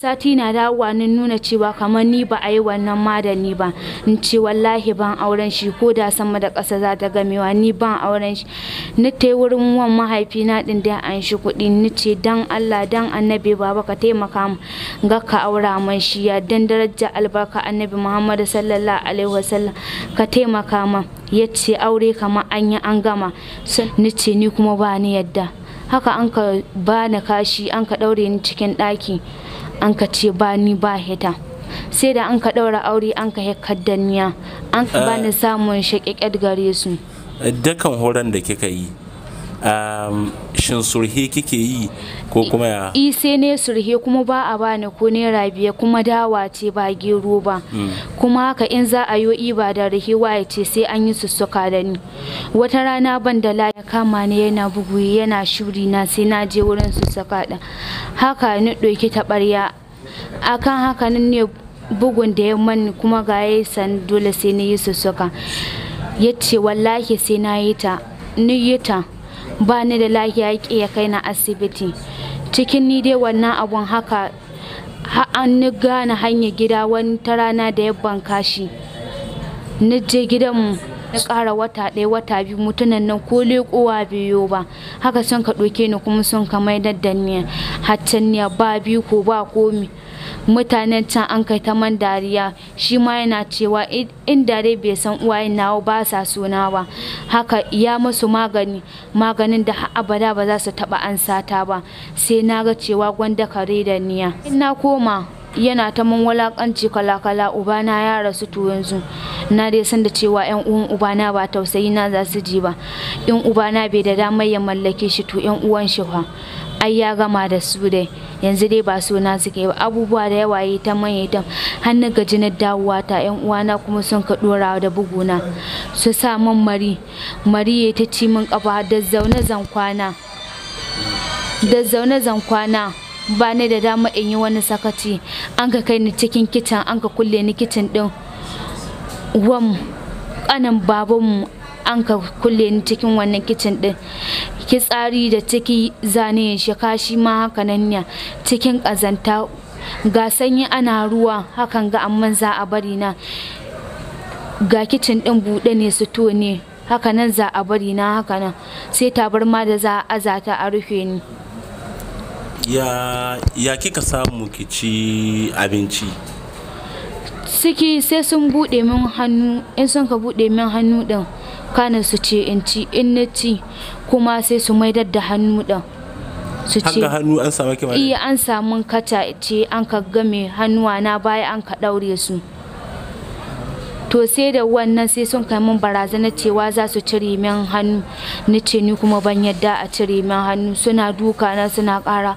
sati na dawowa na nuna cewa kamar ni ba a yi wannan madani ba in ce wallahi ban auren shi ko da sama da ƙasa za ta gamewa ni ban auren shi ni ta wurin wan mahaifi na din da an shi kuɗi ni ce dan Allah dan annabi baba ka taimaka mu ga ka aura man shi ya dan daraja albarka annabi Muhammad sallallahu alaihi wasallam ka taimaka ma ya ce aure kamar an yi an gama ni ce ni kuma ba ni yadda haka an ka bani kashi an ka ɗaure ni cikin ɗaki an ka ce ba ni ba heta sai da an ka ɗaura aure an ka kaddanniya an ka bani eh. samun shaƙaƙet gare su Dukkan horon da kika yi um, shin surhe kike yi ko kuma ya ise ne surhe kuma ba a bani ko naira biyar kuma dawa ce ba gero ba mm. kuma haka in za a yi iba da rahi waye ce sai an yi sussuka da ni wata rana ban da laye kama ne yana bugu yana shuri na sai na je wurin sussuka da haka ni ɗauki taɓarya akan haka ne bugun da ya mani kuma ga ya san dole sai ni yi sussuka ya ce wallahi sai na yi ta ni yi ta ba ni da lahiya yake ya kai na asibiti cikin ni dai wannan abun haka an ni gane hanyar gida wani ta rana da ya banka shi ni je gidanmu na ƙara wata ɗaya wata biyu mutunan nan ko leƙowa biyo ba haka sun ka ɗauke ni kuma sun ka mai daddaniya hattaniya ba biyu ko ba komi mutanen can an kai ta man dariya shi ma yana cewa in dare bai san uwaye nawa ba sa suna ba haka ya musu magani maganin da abada ba za su taɓa an sata ba sai na ga cewa gwanda kare da niya in na koma yana ta mun walakanci kala-kala ubana ya rasu to yanzu na dai san da cewa yan uwan ubana ba tausayi na za su ji ba in ubana bai da damar ya mallake shi to yan uwan shi fa ai ya gama da su dai yanzu dai ba so na suke ba abubuwa da yawa yi ta manya ta hannun gaji na dawowa ta yan uwana kuma sun ka dora da buguna su sa man mari mari ya ta ci min kafa da zaune zan kwana da zaune zan kwana ba ne da dama in yi wani sakaci an ka kai ni cikin kicin an ka kulle ni kicin din wam kanan babanmu an ka kulle ni cikin wannan kicin din tsari da ciki zane shi kashi ma haka nan ne cikin kazanta ga sanyi ana ruwa hakan ga amman za a bari na ga kicin din bude ne su to ne haka nan za a bari na haka nan sai ma da za a azata a rufe ni ya, ya kika samu ki ci abinci siki sai sun buɗe min hannu in sun ka buɗe min hannu ɗin kana su ce in ci in na ci kuma sai su maidar da hannu ɗin su ce haka hannu an samu kima iya an samu kata ce an ka game hannuwa na baya an ka daure su to sai da wannan sai sun kai min barazana cewa za su cire min hannu ni ce ni kuma ban yadda a cire min hannu suna duka na suna ƙara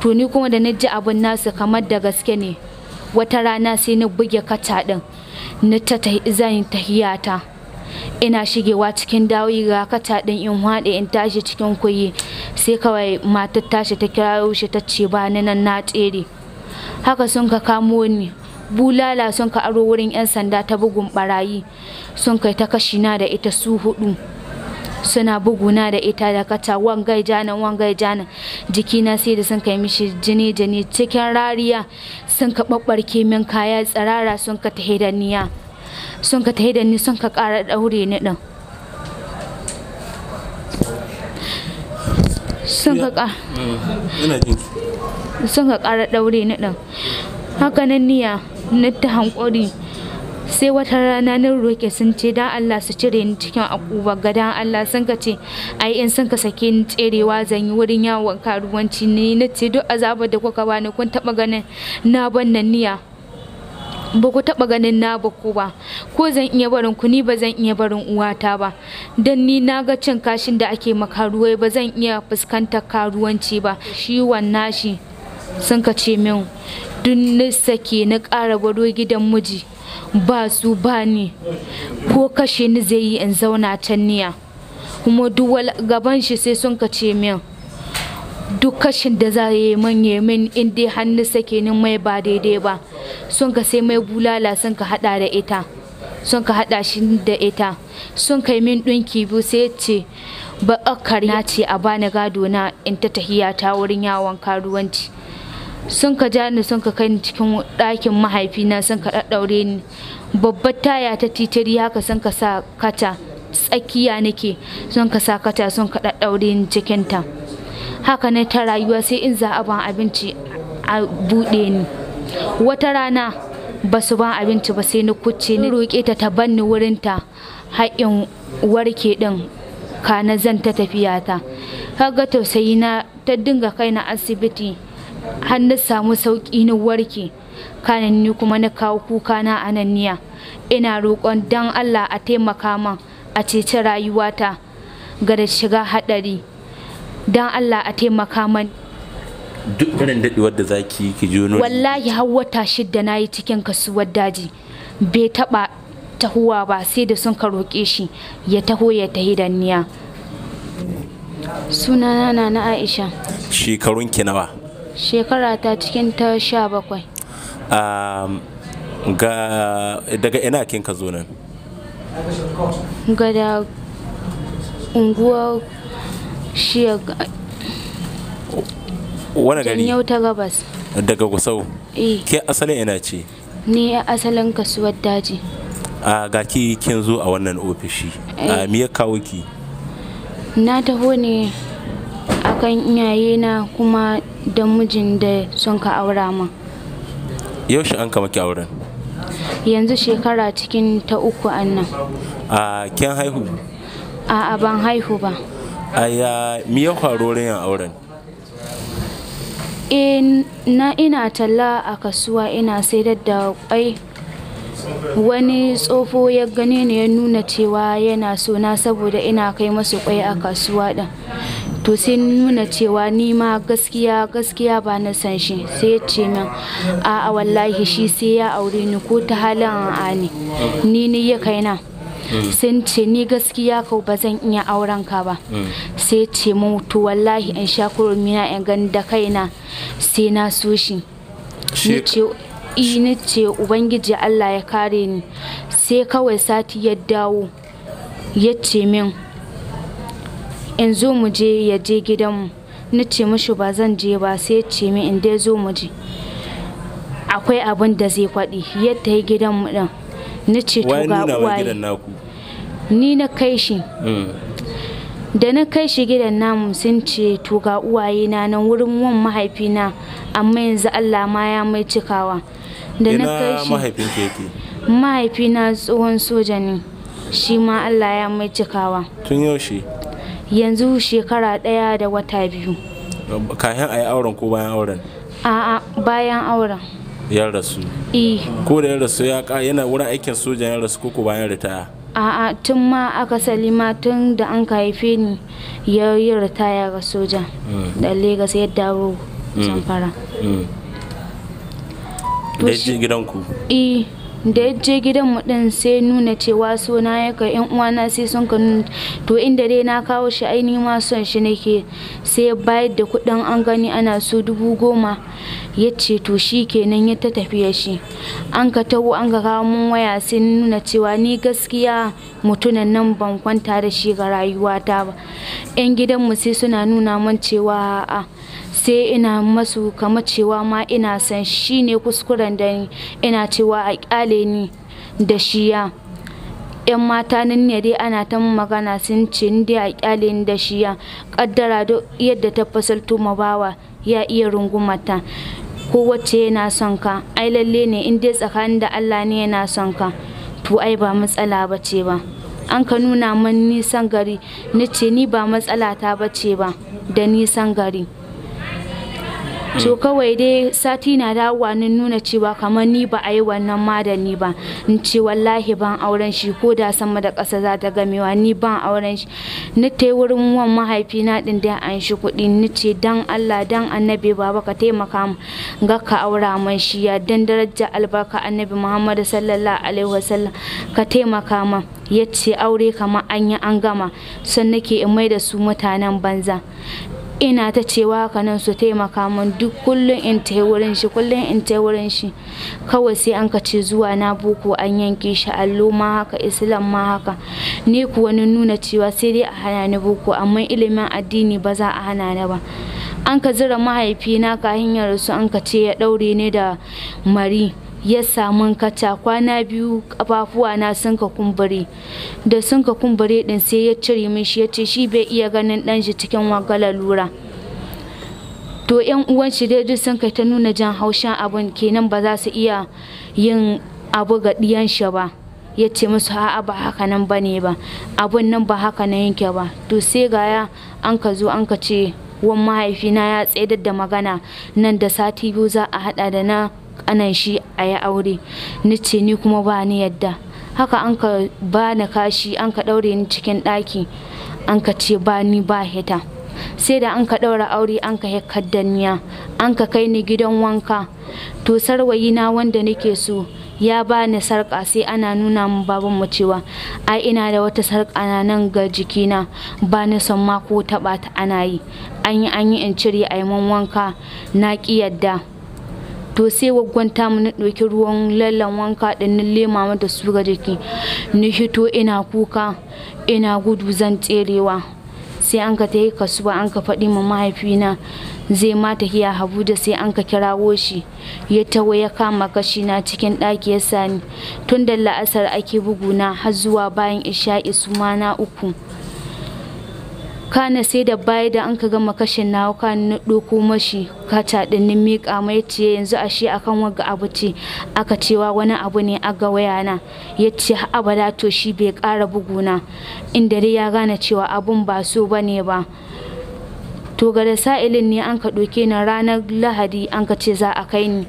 to ni kuma da naji ji abin nasu kamar da gaske ne wata rana sai na buge kata din ni ta zan tahiyata ina shigewa cikin dawoyi ga kaca ɗin in haɗe in tashi cikin kuyi sai kawai matar tashi ta kirawo shi ta ce ba ni nan na tsere haka sun ka kamo ni bulala sun ka aro wurin 'yan sanda ta bugun barayi sun kai ta kashi na da ita su hudu suna buguna da ita da kata wangai jana wangai janan jikina sai da sun kai mishi jini jini cikin rariya sun ka babbarke min kaya tsirara sun ka tahidaniya sun ka tahidani sun ka kara daure ni din sun ka kara sun ka kara daure ni din haka nan niya na ta hankuri sai wata rana na roke sun ce dan Allah su cire ni cikin akuba ga dan Allah sun ka ce ai in sun ka sake ni tserewa zan yi wurin yawon karuwanci ne na ce duk azabar da kuka bani kun taba ganin na ban nan niya ba ku taɓa ganin na ba ku ba ko zan iya barin ku ni ba zan iya barin uwata ba dan ni na ga cin kashin da ake makaruwai ba zan iya fuskantar karuwanci ba shi wannan shi sun ka ce min duk nisa ke na ƙara gwado gidan miji ba su ba ni ko kashe ni zai yi in zauna can niya kuma duk gaban shi sai sun kace min duk kashin da za yi min ya min in dai hannu sake ni mai ba daidai ba sun ka sai mai bulala sun ka hada da ita sun ka hada shi da ita sun kai min ɗinki biyu sai ya ce ba na ce a bani gado na in ta tahiya ta wurin yawon karuwanci sun ka ja ni sun ka kai ni cikin ɗakin mahaifina sun ka ɗaɗɗaure ni babbar taya ta titiri haka sun ka sa kata tsakiya nake sun ka sa kata sun ka ɗaɗɗaure ni cikin ta haka ne ta rayuwa sai in za a ban abinci a buɗe ni wata rana ba su ban abinci ba sai ni kucce ni roƙe ta ta banni wurinta haƙin warke ɗin kana zan ta tafiya ta kaga tausayi na ta dinga kai na asibiti har na samu sauki na warke kanin ni kuma na kawo kuka na ananiya ina roƙon dan Allah a taimaka man a ceci rayuwata ga da shiga hadari dan Allah a taimaka man duk irin dadewar da zaki ki jono wallahi har wata shidda nayi cikin kasuwar daji bai taba tahuwa ba sai da sun ka roƙe shi ya taho ya tahi danniya sunana na na Aisha shekarun ki nawa shekara ta cikin ta sha bakwai um, daga ina kin ka zo nan ga da unguwar shiya wani gari yau ta gabas daga gusau eh. ke asalin ina ce ni asalin kasuwar daji a ga ki kin zo a wannan ofishi a eh. me ya kawo ki na taho ne akan na kuma da mijin da sun ka aura min yaushe an ka maki auren yanzu shekara cikin ta uku annan a kin haihu a ban haihu ba a ya miya yin auren eh, na ina talla a kasuwa ina saidar da kwai wani tsofo ya gane ni ya nuna cewa yana sona saboda ina kai masu kwai a kasuwa din to sai nuna cewa ni ma gaskiya gaskiya ba na san shi sai ya ce min a'a wallahi shi sai ya aure ni ko ta halin an ne ni ne ya kai na mm. sun ce ni gaskiya kau ba zan iya auren ka ba mm. sai ce mu to wallahi in sha kurumina in gan da kaina sai na so shi ni ce ubangiji Allah ya kare ni sai kawai sati ya dawo ya ce min in zo mu je ya je gidanmu na ce mishi ba zan je ba sai ce min in dai zo mu je akwai abin da zai kwaɗi yadda ya gidanmu ɗin na ce to ga uwaye ni na kai shi mm. da na kai shi gidan namu sun ce to ga uwaye na nan wurin wan mahaifina amma yanzu Allah ma ya mai cikawa da na kai shi mahaifina tsohon soja ne shi ma Allah ya mai cikawa tun yaushe yanzu shekara ɗaya da wata biyu kayan a yi auren ko bayan auren a'a bayan auren ya rasu eh. ko da ya rasu ya yana wurin aikin sojan ya rasu ko bayan ritaya a'a tun ma aka salima tun da an ka haife ni ya yi ritaya ga soja hmm. da legas ya dawo hmm. zamfara hmm. da gidanku I. Eh. da ya je gidan mu din sai nuna cewa suna yaka yan uwana sai sun ka nuna to inda dai na kawo shi ai ma son shi nake sai bayar da kuɗin an gani ana so dubu goma ya ce to shi kenan ya ta tafiya shi an ka taho an ka kawo mun waya sai nuna cewa ni gaskiya mutunan nan ban kwanta da shi ga rayuwata ba yan gidanmu sai suna nuna mun cewa a'a sai ina masu kama cewa ma ina san shi ne kuskuren da ni ina cewa a kyale ni da shi ya yan mata nan ne dai ana ta magana sun ce ni dai a kyale ni da shi ya kaddara duk yadda ta fasalto ma bawa ya iya rungumata ko wacce yana son ka ai lalle ne in dai tsakanin da Allah ne yana son ka to ai ba matsala ba ce ba an ka nuna man nisan gari ni ce ni ba matsala ta bace ba da nisan gari To mm. kawai dai sati na dawowa na nuna cewa kamar ni ba a yi wannan madani ba in ce wallahi ban auren shi ko da sama da ƙasa za ta gamewa ni ban auren shi ni ta wurin wan mahaifi na din da an shi kuɗi ni ce dan Allah dan annabi baba ka taimaka mu ga ka aura man shi ya dan daraja albarka annabi Muhammad sallallahu alaihi wasallam ka taimaka ma ya ce aure kamar an yi an gama Sannan nake in mai da su mutanen banza ina ta cewa haka nan su taimaka min duk kullum in tai wurin shi kullum in tai wurin shi kawai sai an ka zuwa na boko an yanke shi allo ma haka islam ma haka ni kuwa na nuna cewa sai dai a hana ni boko amma ilimin addini ba za a hana ni ba an ka zira mahaifina ka hanyar su an ka ce ya daure ni da mari ya samu kaca kwana biyu kafafuwa na sun ka kumbure da sun ka kumbure din sai ya cire min shi ya shi bai iya ganin dan shi cikin wagala lura to yan uwan shi dai duk sun kai ta nuna jan haushin abun kenan ba za su iya yin abu ga diyan shi ba ya ce musu a'a ba haka nan ba ba abun nan ba haka nan yake ba to sai gaya an ka zo an ka ce wan mahaifina ya tsaidar da magana nan da sati biyu za a hada da na kanan shi a yi aure ni ce ni kuma ba ni yadda haka an ka ba na kashi an ka ɗaure ni cikin ɗaki an ka ce ba ni ba hita sai da an ka ɗaura aure an ka hekar danniya an ka kai ni gidan wanka to sarwayi na wanda nake so ya ba ni sarƙa sai ana nuna mu baban mu cewa ai ina da wata sarƙa na nan ga jikina ba ni son ma ko taɓa ta ana yi an yi an yi in cire a wanka na ƙi yadda to sai wagwanta mu na ɗauki ruwan lallan wanka ɗin lema mata su ga jiki ni hito ina kuka ina gudu zan tserewa sai an ka ta yi kasuwa an ka faɗi ma mahaifina zai mata hiya habu da sai an ka kirawo shi ya tawo ya kama kashi na cikin ɗaki ya sani tun da la'asar ake buguna har zuwa bayan isha'i su na uku kana sai da baya da an ka gama kashin na ka na ɗoko mashi ta ɗin miƙa mai ce yanzu ashe akan waga abu ce aka cewa wani abu ne a ga na yace abada to shi bai ƙara buguna inda dai ya gane cewa abun ba so bane ba to ga da sa'ilin ne an ka ɗoke na ranar lahadi an ka ce za a kai ni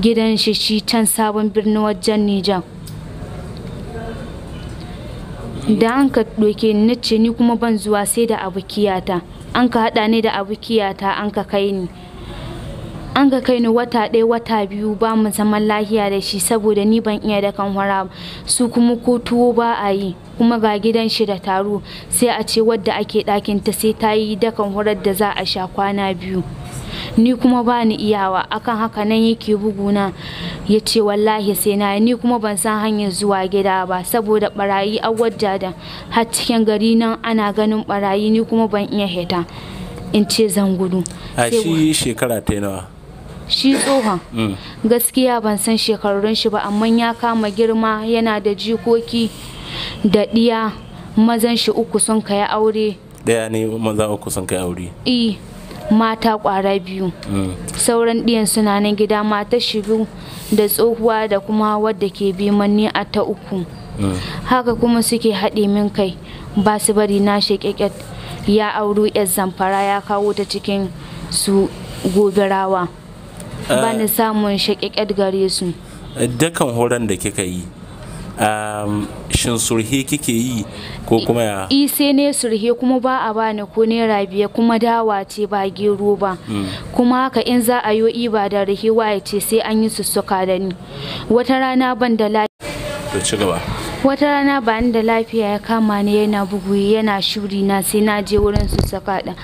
gidan shi shi can sabon birnin wajen Nijar. da an ka doke ni ni kuma ban zuwa sai da abukiyata an ka haɗa ni da abukiyata an ka kai ni an ga kai ni wata ɗaya wata biyu ba mu zaman lahiya da shi saboda ni ban iya da kan hura su kuma ko tuwo ba a yi kuma ga gidan shi da taro sai a ce wadda ake ɗakin ta sai ta yi dakan horar da za a sha kwana biyu ni kuma ba ni iyawa akan haka nan yake buguna ya ce wallahi sai na ni kuma ban san hanyar zuwa gida ba saboda barayi a da har cikin gari nan ana ganin barayi ni kuma ban iya heta in ce zan gudu a shi shekara ta nawa shi tsohon mm. gaskiya ban san shekarun shi ba amma ya kama girma yana da jikoki da ɗiya mazan shi uku sun kai aure ɗaya ne mazan uku sun kai aure i mata ƙwara biyu mm. sauran ɗiyan suna nan gida mata shi biyu da tsohuwa da kuma wadda ke bi manni a ta uku mm. haka kuma suke haɗe min kai ba su bari na sheƙeƙet ya auro 'yar zamfara ya kawo ta cikin su gobirawa. Eh, ba ni samun shaƙaƙet gare su dukkan horon da kika yi um, shin surhe kike yi ko kuma ya ise ne surhe kuma ba a bani ko naira biyar kuma dawa ce ba gero ba hmm. kuma haka in za a yi ba da rahewa waye ce sai an yi sussuka da ni wata rana ban da lafiya wata rana ba da lafiya ya kama ni yana bugu yana shuri na sai na je wurin sussuka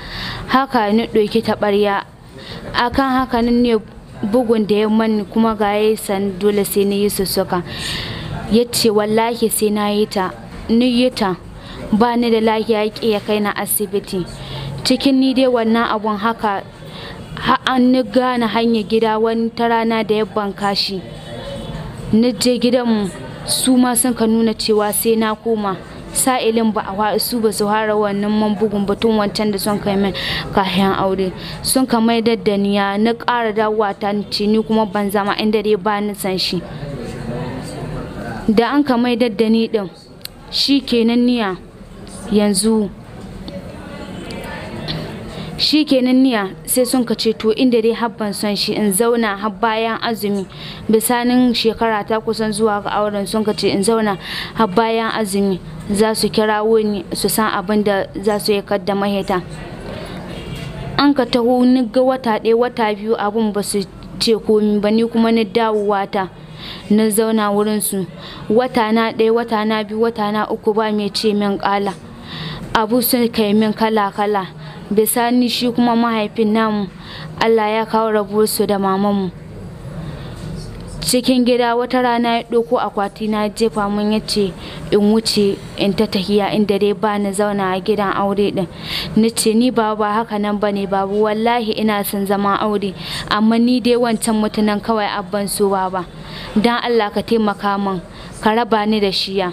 haka ni ɗauki taɓarya akan haka ne bugun da ya mani kuma ga ya san dole sai na yi sussuka ya ce wallahi sai na yi ta ni yi ta ba ni da lafiya ya ya kai na asibiti cikin ni dai wannan abun haka an ni gane hanyar gida wani ta rana da ya banka shi ni je gidan su ma sun ka nuna cewa sai na koma sa'ilin ba a su ba su hara wannan man bugun batun wancan da son kai min kayan aure sun ka mai daddaniya na ƙara dawowa ta ce ni kuma ban zama inda dai ba ni san shi da an ka mai daddani din shi kenan niya yanzu shi kenan niya sai sun ka to inda dai habban son shi in zauna har bayan azumi bisanin shekara ta kusan zuwa ga auren sun ka ce in zauna har bayan azumi za su kirawo ni su san abin da za su yi kadda maheta an ka taho ni ga wata ɗaya wata biyu abin ba su ce komi ba ni kuma ni dawowa ta na zauna wurin su wata na ɗaya wata na biyu wata na uku ba mai ce min ƙala abu sun kai min kala kala bisani shi kuma mahaifin namu allah ya kawo rabuwarsu da mamanmu cikin gida wata rana ya ɗauko akwati na jefa mun yace in wuce in ta tahiya inda dai ba ni zauna a gidan aure din ni ce ni ba ba haka nan ba ne babu wallahi ina son zama aure amma ni dai wancan mutunan kawai abban su ba ba don allah ka taimaka min ka raba ni da shiya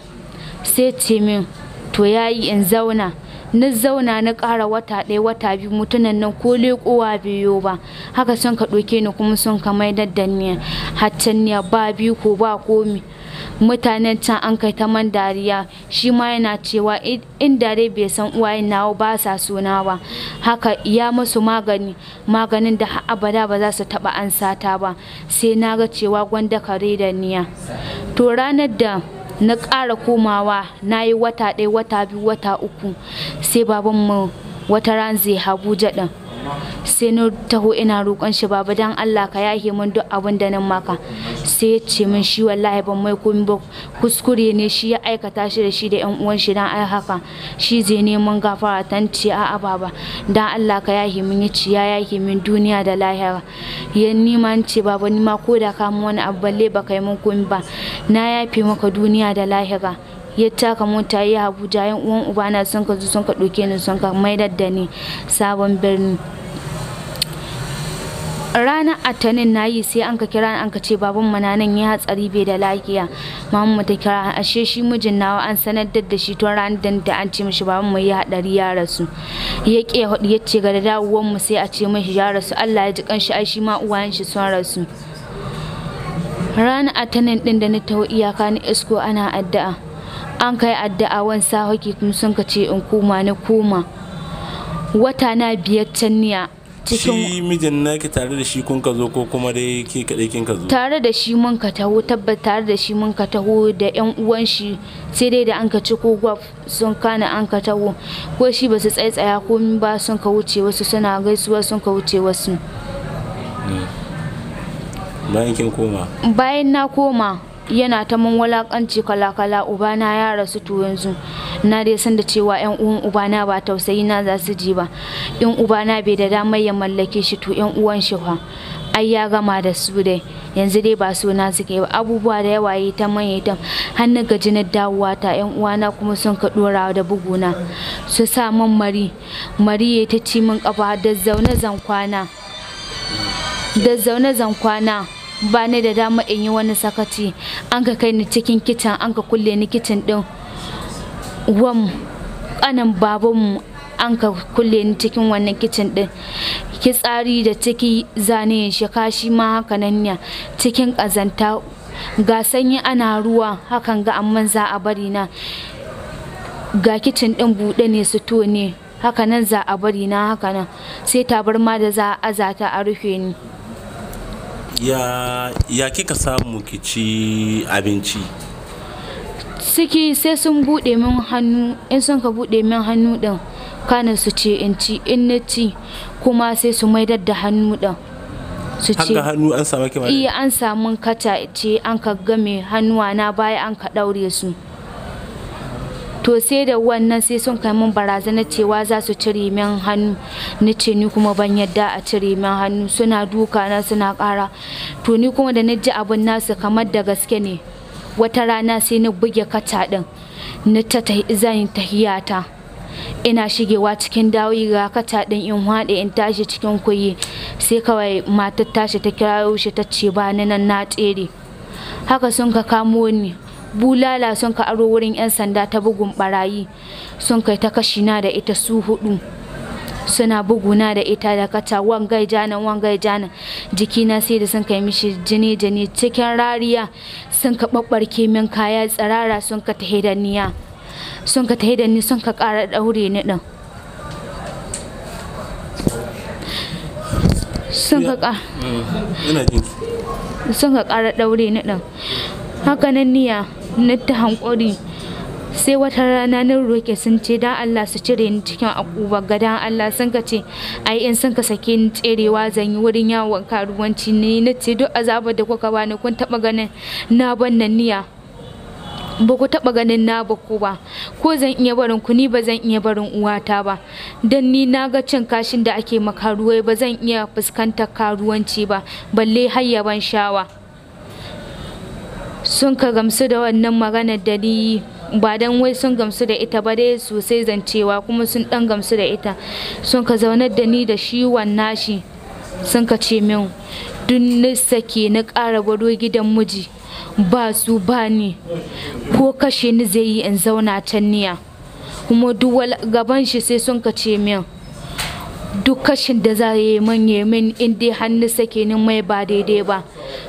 sai ce min to yayi in zauna na zauna na ƙara wata ɗaya wata biyu mutunan nan ko leƙowa biyo ba haka sun ka ɗauke ni kuma sun ka mai haccan hattaniya ba biyu ko ba komi mutanen can an kai ta man dariya shi ma yana cewa in dare bai san uwaye nawa ba sa suna ba haka ya masu magani maganin da abada ba za su taɓa an sata ba sai na ga cewa gwanda kare da niya to ranar da na ƙara komawa na yi wata ɗaya wata biyu wata uku sai babanmu wata ran zai habu jaɗin sai na taho ina roƙon shi baba dan Allah ka yahe mun duk abin da nan maka sai ya ce min shi wallahi ban mai komai ba kuskure ne shi ya aikata shi da shi da ƴan uwan shi dan ai haka shi zai neman gafara ce a ababa dan Allah ka yahe min ya ci ya yahe min duniya da lahira ya nima ce baba ni ma ko da kama wani abu balle ba kai min komai ba na yafe maka duniya da lahira ya taka mota ya abuja yan uwan ubana sun ka zo sun ka ɗauke ni sun ka maidar da ni sabon birni rana atanin na yi sai an ka kira an ka ce babun mananan ya hatsari bai da lafiya mamu ta kira ashe shi mijin nawa an sanar da shi tun ranar da ta an ce mishi baban mu ya hadari ya rasu ya ke hudu ya ce ga da dawowar mu sai a ce mishi ya rasu Allah ya ji kanshi ai shi ma uwan shi sun rasu rana atanin din da na taho iyaka ni isko ana addu'a an kai addu'a wan sahoki kuma sun ka ce in koma na koma wata na biyar can niya cikin shi mijin naki tare da shi kun ka zo ko kuma dai ke kadai kin ka zo tare da shi mun ka taho tabbata tare da shi mun ka taho da yan uwan shi sai dai da an ka ci ko gwaf sun kana an ka taho ko shi ba su tsaitsaya min ba sun ka wuce wasu suna gaisuwa sun ka wuce wasu bayan kin koma bayan na koma yana ta mun walakanci kala-kala ubana ya rasu to yanzu na dai san da cewa yan uwan ubana ba tausayi na za su ji ba in ubana bai da damar ya mallake shi to yan uwan shi fa ai ya gama da su dai yanzu dai ba suna suke ba abubuwa da yawa yi ta manya ta hannun gaji na dawowa ta yan uwana kuma sun ka dora da buguna su sa man mari mari ya ta ci min kafa da zaune zan da zaune zan kwana ba da dama in yi wani sakaci an ka kai ni cikin kicin an ka kulle ni kicin din wam kanan babanmu an ka kulle ni cikin wannan kicin din tsari da ciki zane shi kashi ma haka nan ne cikin kazanta ga sanyi ana ruwa hakan ga amman za a bari na ga kicin din bude ne su to ne haka nan za a bari na haka nan sai ma da za a azata a rufe ni ya, ya kika samu ki ci abinci suki sai sun bude min hannu in sun ka bude min hannu din kana su ce in ci in na ci kuma sai su maidar da hannu din su ce haka hannu an samu kima iya an samu kata ce an ka game hannuwa na baya an ka daure su to sai da wannan sai sun kai mun barazana cewa za su cire min hannu ni ce ni kuma ban yadda a cire min hannu suna duka na suna ƙara to ni kuma da na ji abin nasu kamar da gaske ne wata rana sai na buge kata din ni ta zan tahiyata ina shigewa cikin dawoyi ga kata ɗin in haɗe in tashi cikin kuyi sai kawai matar tashi ta kirayo shi ta ce ba ni nan na tsere haka sun ka kamo ni bulala sun ka aro wurin 'yan sanda ta bugun barayi sun kai ta kashi na da ita su hudu suna buguna da ita da kata wangai jana wangai janan jikina sai da sun kai mishi jini jini cikin rariya sun ka babbarke min kaya tsirara sun ka tahe sun ka tahe sun ka kara daure ni din sun ka kara sun ka kara ni din haka nan niya na ta sai wata rana nan roke sun ce da Allah su cire ni cikin akuba gadan Allah sun ka ce ai in sun ka sake ni tserewa zan yi wurin yawon karuwanci ne na ce duk azabar da kuka bani kun taba ganin na ban nan niya ba ku taɓa ganin na ba ku ba ko zan iya barin ku ni ba zan iya barin uwata ba dan ni na ga cin kashin da ake makaruwai ba zan iya fuskantar karuwanci ba balle har ban shawa sun ka gamsu da wannan maganar da ni ba dan wai sun gamsu da ita ba dai sosai zancewa kuma sun dan gamsu da ita sun ka zaunar da ni da shi wannan shi sun ka ce min dun nisa ke na ƙara gwado gidan miji ba su ba ni ko kashe ni zai yi in zauna can niya kuma duk gaban shi sai sun ka ce min duk kashin da za yi min in dai hannu sake ni mai ba daidai ba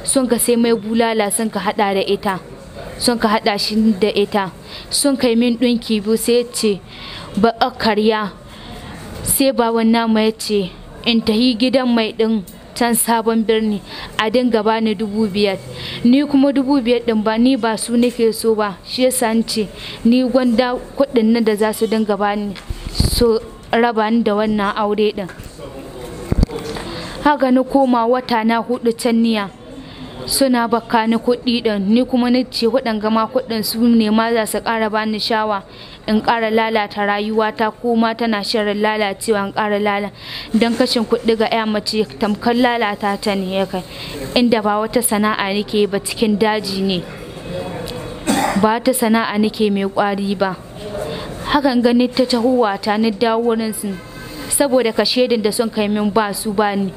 sun ka sai mai bulala sun ka hada da ita sun ka hada shi da ita sun kai min ɗinki biyu sai ya ce ba a karya sai ba wannan mai ya ce in tahi gidan mai din can sabon birni a dinga bani dubu biyar ni kuma dubu biyar din ba ni ba su nake so ba shi ya san ce ni gwanda kuɗin nan da za su dinga ni so raba ni da wannan aure din haka ni koma wata na hudu can niya suna baka ni kuɗi ɗin ni kuma ni ce waɗanga ma kuɗin su ne ma za su ƙara bani shawa in ƙara lalata rayuwata ko ma tana shirin lalacewa in ƙara lala don kashin kuɗi ga ya mace tamkar lalata ta ne ya kai inda ba wata sana'a nake ba cikin daji ne ba ta sana'a nake mai kwari ba hakan gani ta ta ni dawo wurin saboda ka shaidin da sun kai min ba su ba ni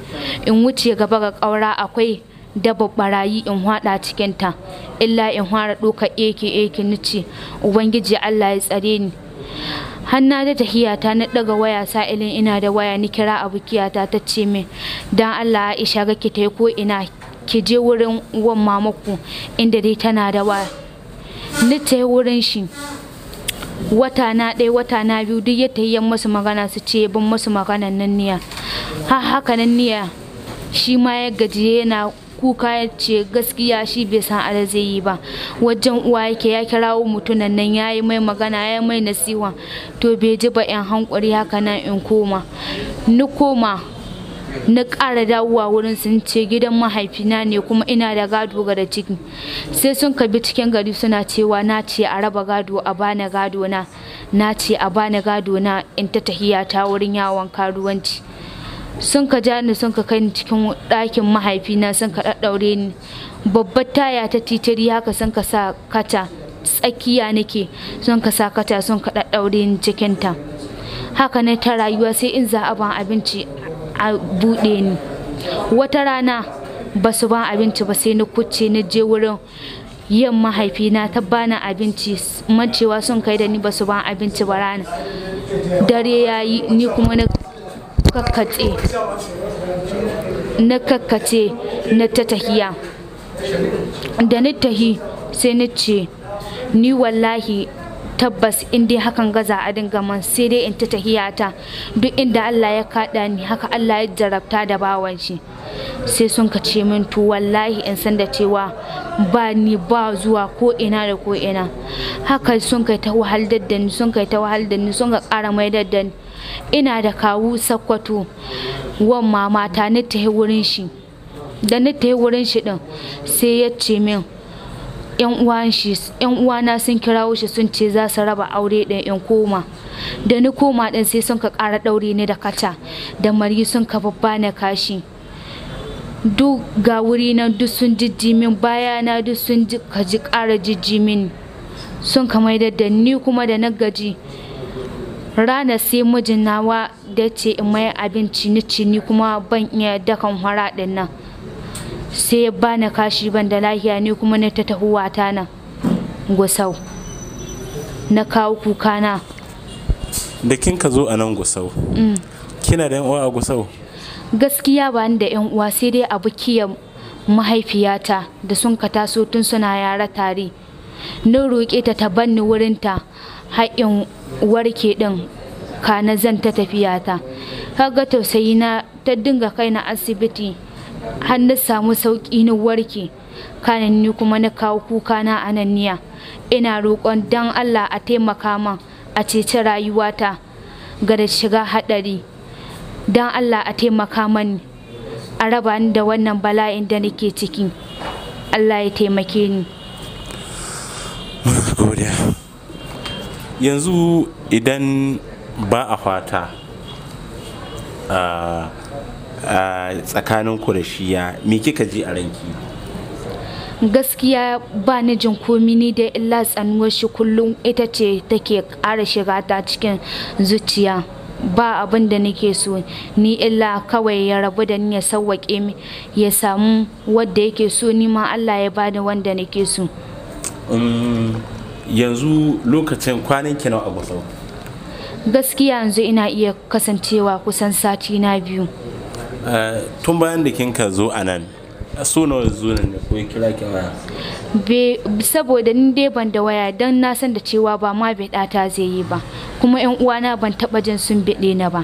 in wuce gaba ga ƙaura akwai da barayi in hwada cikin ta illa in hwara doka eke eke nice ubangiji Allah ya tsare ni hanna da tahiya ta na daga waya sa'ilin ina da waya ni kira abukiya ta ce min dan Allah Aisha gake ta ko ina ki je wurin uwan mamaku inda dai tana da waya ni tai wurin shi wata na ɗaya wata na biyu duk ya tayi masu magana su ce bin masu magana nan niya ha haka nan niya shi ma ya gaji yana kuka ya ce gaskiya shi bai san ala zai yi ba wajen uwa yake ya kirawo mutunan nan ya mai magana ya mai nasiwa to bai ji ba in hankuri haka nan in koma ni koma na ƙara dawowa wurin sun ce gidan mahaifina ne kuma ina da gado ga da ciki sai sun kabi cikin gari suna cewa na ce a raba gado a bani gado na na ce a bani gado na in ta tahiya ta wurin yawon karuwanci sun ka ja ni sun ka kai ni cikin ɗakin mahaifina sun ka ɗaɗɗaure ni babbar taya ta titiri haka sun ka sa kata tsakiya nake sun ka sa kata sun ka ɗaɗɗaure ni cikinta haka ne ta rayuwa sai in za a ban abinci a buɗe ni wata rana ba su ban abinci ba sai na kuce ni je wurin yin mahaifina ta bana abinci mancewa sun kai da ni ba su ban abinci ba rana dare ya yi ni kuma na kakkace na kakkace na ta tahiya da ni tahi sai ni ce ni wallahi tabbas in dai hakan gaza a dinga man sai dai in ta ta duk inda Allah ya kada ni haka Allah ya jarabta da bawan shi sai sun kace min to wallahi in san da cewa ba ni ba zuwa ko ina da ko ina haka sun kai ta wahal da ni sun kai ta wahal da ni sun ga kara mai da ni ina da kawu sakkwato wan mamata ni yi wurin shi da ni yi wurin shi din sai ya ce min yan uwana sun kirawo shi sun ce za su raba aure din in koma da ni koma din sai sun ka ƙara ɗaure ni da kata da mari sun ka babba babbana kashi duk ga wuri na duk sun jijjimin baya na duk sun kaji ƙara jijjimin sun ka maida da ni kuma da na gaji rana sai mijin nawa da ce in mai abinci ni ci ni kuma ban iya dakan hara din nan sai ba na kashi ban da lahiya ni kuma na ta tahuwa ta nan gusau na kawo kuka na da kin ka zo a nan gusau mm. kina da uwa a gusau gaskiya ba ni da yan uwa sai dai abu kiyan mahaifiyata da sun ka taso tun suna yara tare na roƙe ta ta banni wurinta haƙin warke ɗin kana zan ta tafiya ta kaga tausayi na ta dinga kai na asibiti har na samu sauƙi na warke kanan ni kuma na kawo kuka na ananiya ina roƙon dan Allah a taimaka man a ceci rayuwata ga da shiga haɗari dan Allah a taimaka mani a raba ni da wannan bala'in da nake ciki Allah ya taimake ni yanzu idan ba a fata a tsakanin ku da shiya me kika ji a ranki gaskiya ba ni jin komi ni da illa tsanuwar shi kullum ita ce take ƙara shiga ta cikin zuciya ba abin da nake so ni illa kawai ya rabu da ni ya sauwaƙe mi ya samu wadda yake so ni ma Allah ya bani wanda nake so mm. yanzu lokacin kwanan ki nawa a gusau gaskiya yanzu ina iya kasancewa kusan sati na biyu eh, tun bayan da kinka zo a nan so nawa zo nan ne ko kira ki waya saboda ni dai ban da waya dan na san da cewa ba ma ta zai yi ba kuma yan uwana ban taba jin sun biɗe na ba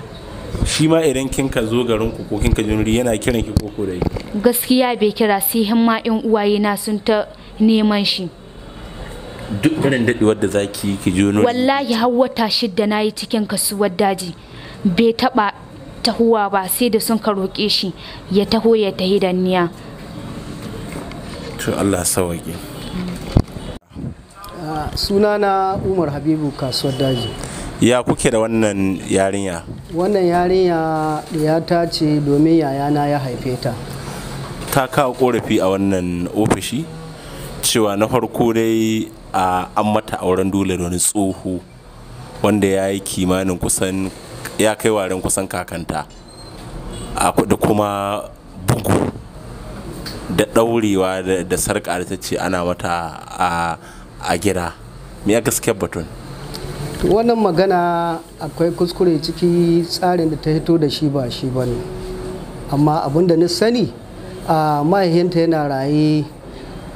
shi ma idan kinka zo garin ku ko kinka jinuri yana kiran ki koko da yi. gaskiya bai kira sai himma yan uwaye na sun ta neman shi duk irin dadewar da zaki ki jono wallahi har wata shidda nayi cikin kasuwar daji bai taba tahowa ba sai da sun ka roƙe shi ya taho ya tahi danniya to Allah sauke ah, sunana Umar Habibu kasuwar daji ya kuke da wannan yarinya wannan yarinya ya ta ce domin yayana ya haife ta ta kawo korafi a wannan ofishi cewa na farko dai an mata auren dole da wani tsoho wanda ya yi kimanin kusan ya kai warin kusan kakanta da kuma bugu da ɗaurewa da sarƙa da ta ce ana mata a gida me ya gaske batun wannan magana akwai kuskure ciki tsarin da ta hito da shi ba shi ba ne amma abinda ni sani a mahihinta yana raye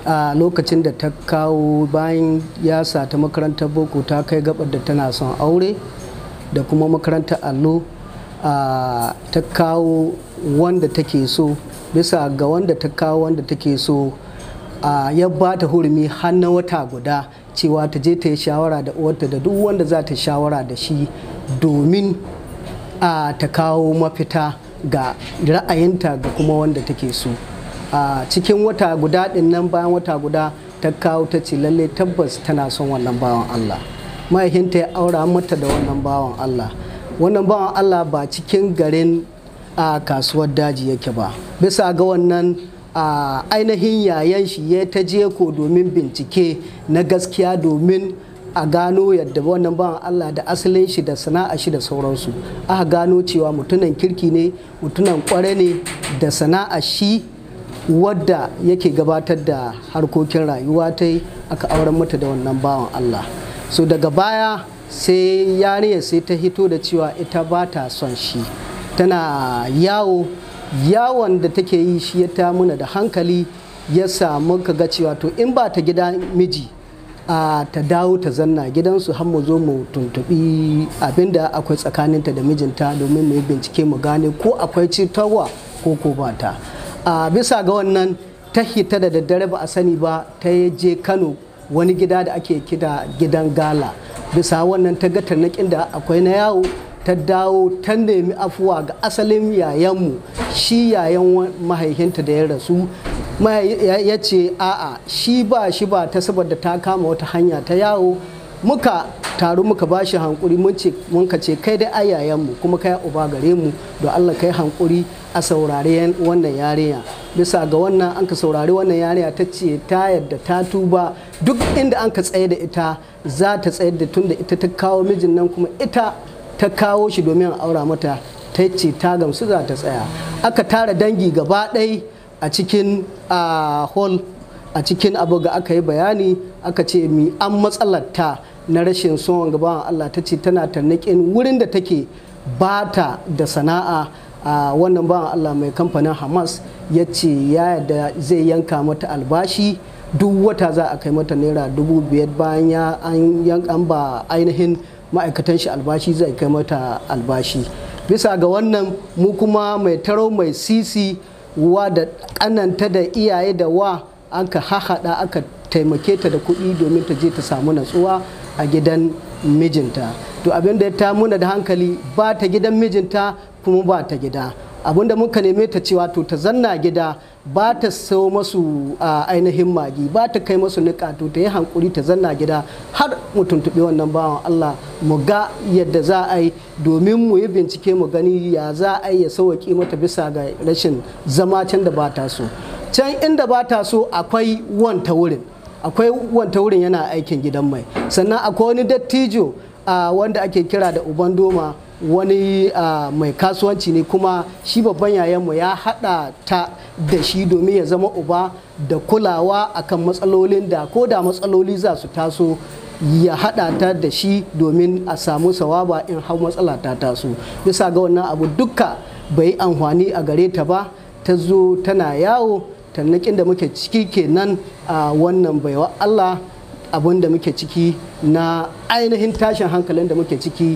a lokacin da ta kawo bayan ya sata makarantar boko ta kai gabar da tana son aure da kuma makarantar allo ta kawo wanda take so bisa ga wanda ta kawo wanda take so ya ba ta hurumi har na wata guda cewa ta je ta yi shawara da uwarta da duk wanda za ta shawara da shi domin a ta kawo mafita ga ra'ayinta ga kuma wanda take so. a cikin wata guda din nan bayan wata guda ta kawo ta ce lalle tabbas tana son wannan bawan Allah ta ya aura mata da wannan bawan Allah wannan bawan Allah ba cikin garin a kasuwar daji yake ba bisa ga wannan a ainihin yayan shi ya ta je ko domin bincike na gaskiya domin a gano yadda wannan bawan Allah da asalin shi da sana'a shi da sauransu aka gano cewa mutunan kirki ne mutunan kware ne da sana'a shi wadda yake gabatar da harkokin rayuwa ta yi aka auren mata da wannan bawan Allah so daga baya sai yariya sai ta hito da cewa ita ba ta son shi tana yawo yawon da take yi shi ya ta muna da hankali ya samu ka ga cewa to in ba ta gida miji a ta dawo ta zanna gidansu har mu zo mu tuntubi abinda akwai tsakaninta da mijinta domin mu yi bincike mu gane ko akwai cutarwa ko ko ba a bisa ga wannan ta hita da daddare ba a sani ba ta je kano wani gida da ake kida gidan gala bisa wannan ta ga tarnakin da akwai na yawo ta dawo ta nemi afuwa ga asalin yayanmu shi yayan mahaihinta da ya rasu ya ce a'a shi ba shi ba ta saboda ta kama wata hanya ta yawo muka taru muka bashi shi hankuri mun ce mun ka ce kai dai ayayenmu kuma kai uba gare mu da Allah kai hankuri a saurari wannan yarinya bisa ga wannan an ka saurari wannan yarinya ta ce ta yadda ta tuba duk inda an ka tsaye da ita za ta tsaye da tunda ita ta kawo mijin nan kuma ita ta kawo shi domin aura mata ta ce ta gamsu za ta tsaya aka tara dangi gaba ɗai a cikin hall a cikin abu ga aka yi bayani aka ce mi an matsalar ta na rashin son gaban Allah ta ce tana tarnaƙin wurin da take bata da sana'a a wannan bawan Allah mai kamfanin Hamas ya ce ya yadda zai yanka mata albashi duk wata za a kai mata naira dubu biyar bayan ya an yanka ba ainihin ma'aikatan shi albashi zai kai mata albashi bisa ga wannan mu kuma mai taro mai sisi wa da kananta da iyaye da wa an ka hahada aka taimake ta da kuɗi domin ta je ta samu natsuwa a gidan mijinta to abin da ta muna da hankali ba ta gidan mijinta kuma ba ta gida abin da muka neme ta cewa to ta zanna gida ba ta sau masu ainihin magi ba ta kai masu niƙa to ta yi hankuri ta zanna gida har mu tuntuɓi wannan bawan Allah mu ga yadda za a yi domin mu yi bincike mu gani ya za a yi ya sauwaƙi mata bisa ga rashin zama can da ba ta so can inda ba ta so akwai wanta wurin akwai wanta wurin yana aikin gidan mai sannan akwai wani dattijo wanda ake kira da uban doma wani mai kasuwanci ne kuma shi babban yayanmu ya hada ta da shi domin ya zama uba da kulawa akan matsalolin da ko da matsaloli za su taso ya hada ta da shi domin a samu sawaba in hau matsala ta taso bisa ga wannan abu duka bai amfani a gare ta ba ta zo tana yawo tannakin da muke ciki kenan a wannan baiwa Allah abin da muke ciki na ainihin tashin hankalin da muke ciki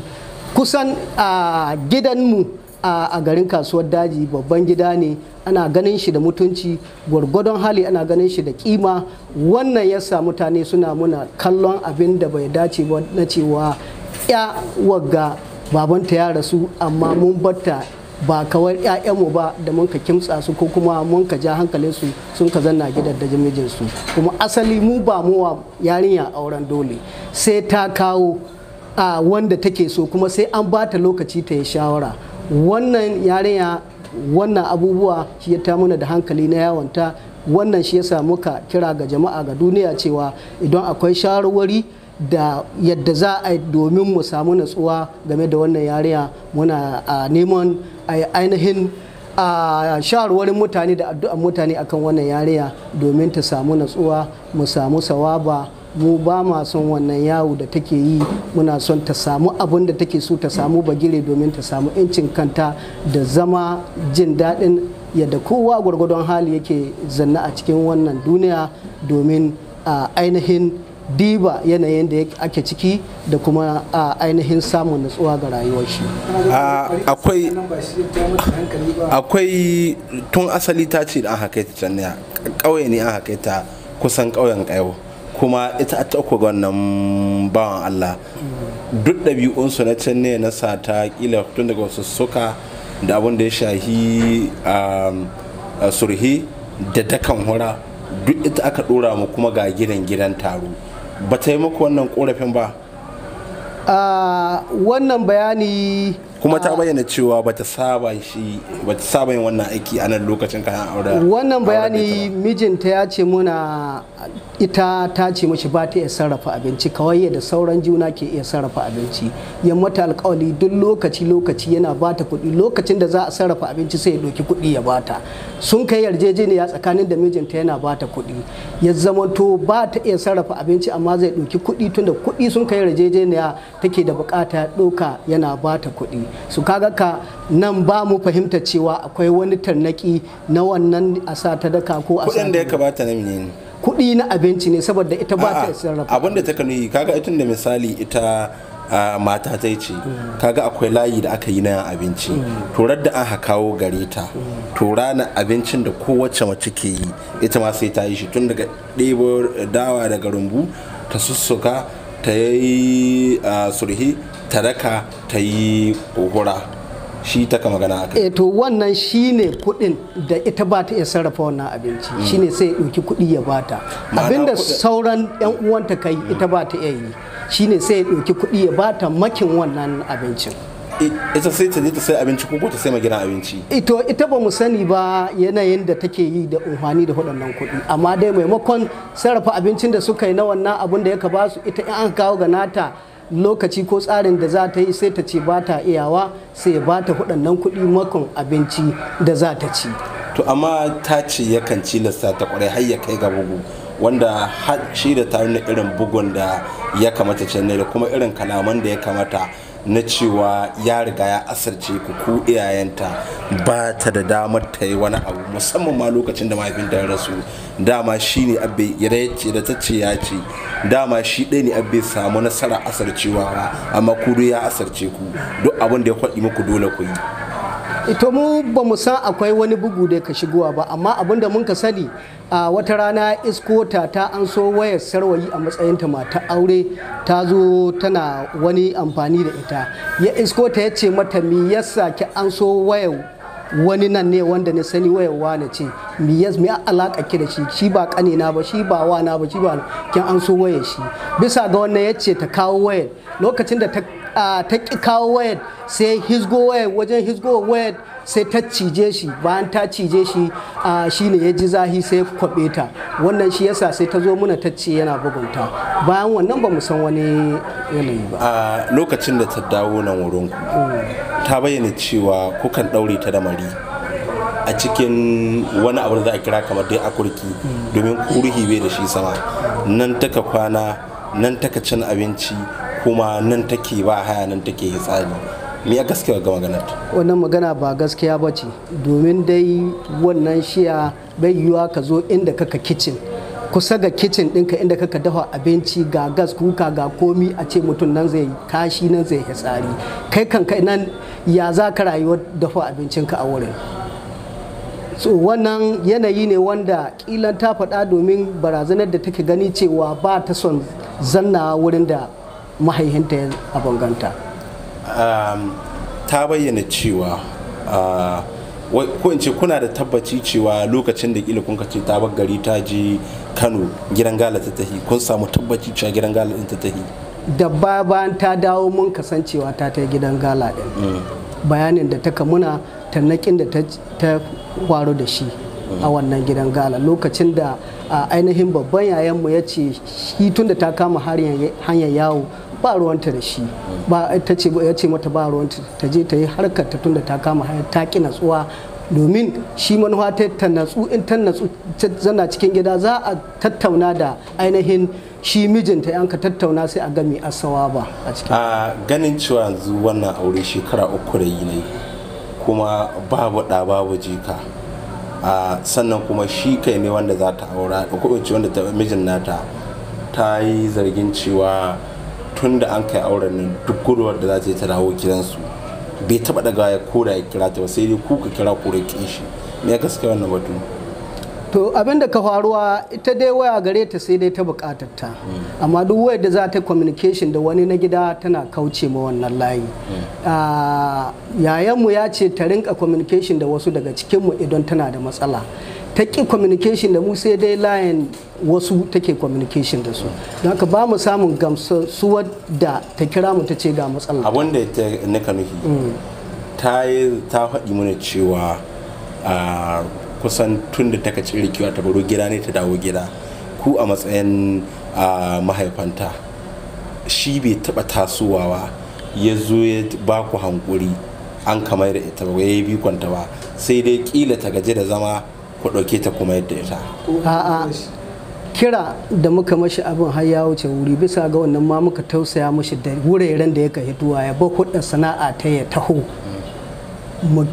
kusan a gidanmu a garin kasuwar daji babban gida ne ana ganin shi da mutunci gwargwadon hali ana ganin shi da kima wannan ya yasa mutane suna muna kallon abin da bai dace na cewa ya wagga babanta ya rasu amma mun batta ba kawar ƴaƴanmu ba da mun ka kimtsa su ko kuma mun ka ja hankalin su sun ka zanna gidan da jimijin su kuma asali mu ba mu wa yarinya auren dole sai ta kawo a wanda take so kuma sai an ba ta lokaci ta yi shawara wannan yarinya wannan abubuwa shi ya ta mana da hankali na yawanta wannan shi ya muka kira ga jama'a ga duniya cewa idan akwai shawarwari da yadda za a yi domin mu samu natsuwa game da wannan yariya muna neman ainihin a shawarwarin mutane da addu'an mutane akan wannan yariya domin ta samu natsuwa mu samu sawaba mu ba ma son wannan yawo da take yi muna son ta samu abin da take so ta samu bagire domin ta samu incin kanta da zama jin daɗin yadda kowa gwargwadon hali yake zanna a cikin wannan duniya domin a ainihin diba yanayin da ake ciki da kuma a ainihin samun natsuwa ga rayuwar shi akwai akwai tun asali ta ce da an haka ta can ƙauye ne an haka ta kusan ƙauyen ƙayo kuma ita ta uku wannan bawan Allah duk ɗabi'unsu na can ne na sata kila tun daga wasu suka da abin da ya shahi surhi da dakan hura duk ita aka dora mu kuma ga gidan gidan taro ba ta yi muku wannan korafin ba ah, wannan bayani kuma ta ah. bayyana cewa bata saba shi bata saba yin wannan aiki a nan lokacin kayan aure wannan bayani mijinta ya ce muna ita ta ce mishi ba ta iya sarrafa abinci kawai da sauran juna ke iya sarrafa abinci ya mata alkawali duk lokaci lokaci yana bata kuɗi lokacin da za a sarrafa abinci sai ya ɗauki kuɗi ya bata sun kai yarjejeniya tsakanin da mijinta yana bata kuɗi ya zama to ba ta iya sarrafa abinci amma zai ɗauki kuɗi tunda kuɗi sun kai yarjejeniya take da bukata ya ɗauka yana bata kuɗi su kaga ka nan ba mu fahimta cewa akwai wani tarnaki na wannan a sa ta daka ko a kuɗin da ya kamata na ne kuɗi na abinci ne saboda ita ba ta sarrafa abin da ta yi kaga itin da misali ita a mata ta ce kaga akwai layi da aka yi na abinci turar da aka kawo gare ta tura na abincin da kowace mace ke yi ita ma sai ta yi shi tun daga ɗebo dawa daga rumbu ta sussuka ta yi surhi ta raka ta yi hura shi ta ka magana akai. Eh, to wannan shi ne kuɗin da ita ba ta iya sarrafa wannan abinci hmm. shi ne sai ɗauki kuɗi ya ba ta abinda sauran 'yan uwanta kai ita ba ta iya yi shi ne sai ɗauki kuɗi ya ba ta makin wannan abincin. ita sai ta je ta sai abinci ko ta sai ma gidan abinci ito ita ba mu sani ba yanayin da take yi da umfani da waɗannan kuɗi amma dai maimakon sarrafa abincin da suka yi na wannan abun da ya ka basu ita in an kawo ga nata lokaci ko tsarin da za ta yi sai ta ce ba ta iyawa sai ba ta waɗannan kuɗi makon abinci da za ta ci to amma ta ce yakan cilasta ta kwarai har ya kai ga bugu wanda har shi da tarin irin bugun da ya kamata can da kuma irin kalaman da ya kamata na cewa ya riga ya asarce ku ku iyayenta ba ta da damar ta yi wani abu musamman ma lokacin da mahaifinta ya rasu dama shi ne abbe ya ce da ta ce ya ce dama shi ɗaya ne abbe samu nasara asarcewa amma ku ya asarce ku duk abin da ya kwaɗi muku dole ku yi ito mu ba mu san akwai wani bugu da ka shigowa ba amma abin da mun ka sani a wata rana iskota ta an so wayar sarwayi a matsayin ta mata aure ta zo tana wani amfani da ita ya iskota ya ce mata mi yasa ki an so wayar wani nan ne wanda ne sani wayar na ce mi yas mi alaka ki da shi shi ba kane na ba shi ba wa na ba shi ba kin an so wayar shi bisa ga wannan ce ta kawo wayar lokacin da ta ta ƙi kawo wayar sai hisgo wayar wajen hisgo wayar sai ta cije shi bayan ta cije shi shine ya ji zahi sai kwaɓe ta wannan shi yasa sai ta zo muna ta ce yana bugunta bayan wannan ba mu san wani yanayi ba a lokacin da ta dawo nan wurin ku hmm. ta bayyana cewa kukan ɗaure ta da mari a cikin wani abu da za a kira kamar dai akurki hmm. domin kurhi bai da shi sama hmm. nan taka kwana nan taka cin abinci kuma nan take ba haya nan take tsari me ya gaskiya ga maganar wannan magana ba gaskiya ba ce domin dai wannan shiya bai yiwa ka zo inda kaka kicin kusa ga kicin ɗinka inda kaka dafa abinci ga gas kuka ga komi a ce mutum nan zai kashi nan zai yi tsari kai kanka nan ya za ka rayuwa dafa abincinka a wurin so wannan yanayi ne wanda kilan ta faɗa domin barazanar da take gani cewa ba ta son zanna wurin da mahaihinta ya abanganta um, ta bayyana cewa uh, ko kuna da tabbaci cewa lokacin da kila kun ce ta gari ta je kano gidan gala ta tahi kun samu tabbaci cewa gidan gala din ta tahi da bayan ta dawo mun kasancewa ta ta gidan gala din mm. bayanin da ta kamuna tannakin da ta kwaro da shi a mm. wannan gidan gala lokacin da uh, ainihin babban yayanmu ya ce shi tun da ta kama hanyar yawo ba ruwanta da shi ba ta ce ya ce mata ba ruwanta ta je ta yi harkar ta tunda ta kama haya ta ki natsuwa domin shi manuwa ta ta natsu in ta natsu zana cikin gida za a tattauna da ainihin shi mijinta yan ka tattauna sai a gami asawa ba a cikin a ganin cewa yanzu wannan aure shekara uku da yi ne kuma babu ɗa babu jika a sannan kuma shi kai ne wanda za ta aura ko wanda ta mijin nata ta yi zargin cewa tun da an kai auren nan duk gudunar da za ta yi ta dawo gidansu bai taba daga ya koda ya kira ta ba sai dai kuka kira ko rake shi me ya gaske wannan batu to abin ka faruwa ita dai waya gare ta sai dai ta bukatar ta hmm. amma duk wayar da za ta communication da wani na gida tana kauce ma wannan layi hmm. ah, mu ya ce ta rinka communication da wasu daga cikin mu idan tana da matsala ta ƙi communication da mu sai dai layin wasu take communication da su don haka ba mu samun gamsuwar da ta kira mu ta ce ga matsala abin da ta nika nufi mm. ta yi ta faɗi mana cewa kusan tun da taka cire kiwa ta baro gida ne ta dawo gida ku a matsayin mahaifanta shi bai taɓa tasowa ba ya zo ya ba ku hankuri an kamar da ita ba ya yi bikonta ba sai dai kila ta gaji da zama ku ɗauke ta kuma yadda ita a'a kira da muka mashi abin har ya wuce wuri bisa ga wannan ma muka tausaya mashi da wuraren da yake hituwa ya ba kuɗin sana'a ta ya taho mu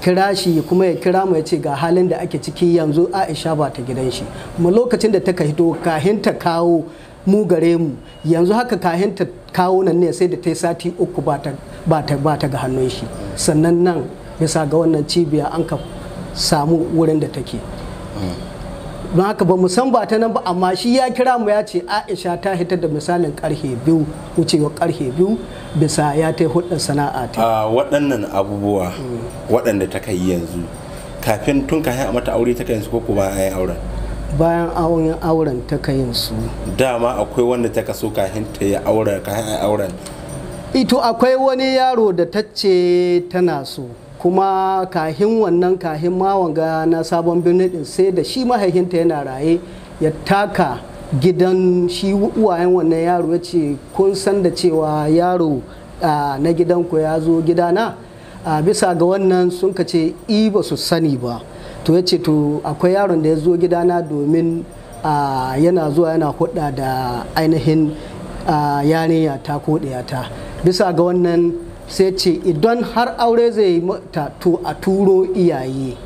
kira shi kuma ya kira mu ya ce ga halin da ake ciki yanzu aisha ba ta gidan shi mu lokacin da ta hito kahinta kawo mu gare mu yanzu haka kahinta kawo nan ne sai da ta yi sati uku ba ta ga hannun shi sannan nan bisa ga wannan cibiya an ka samu wurin da take don haka ba san ba ta nan ba amma shi ya kira mu ya ce aisha ta hitar da misalin karhe biyu wucewa karhe biyu bisa ya ta hudun sana'a ta A ah, waɗannan abubuwa hmm. waɗanda ta kai yanzu kafin tun ka a mata aure ta kai su ko a yi auren bayan auren auren ta kai su dama akwai wanda ta kaso kafin ta yi auren haya auren ito akwai wani yaro da ta ce tana so kuma kahin wannan kahin mawanga na sabon birnin din sai da shi mahaifinta yana raye ya taka gidan shi uwayen wannan yaro ya ce kun san da cewa yaro na gidanku ya zo gidana bisa ga wannan sun ka ce i ba su sani ba to ya ce to akwai yaron da ya zo gidana domin yana zuwa yana hudda da ainihin yarinya ta ko ta bisa ga wannan sai ce idan har aure zai yi mata to a turo iyaye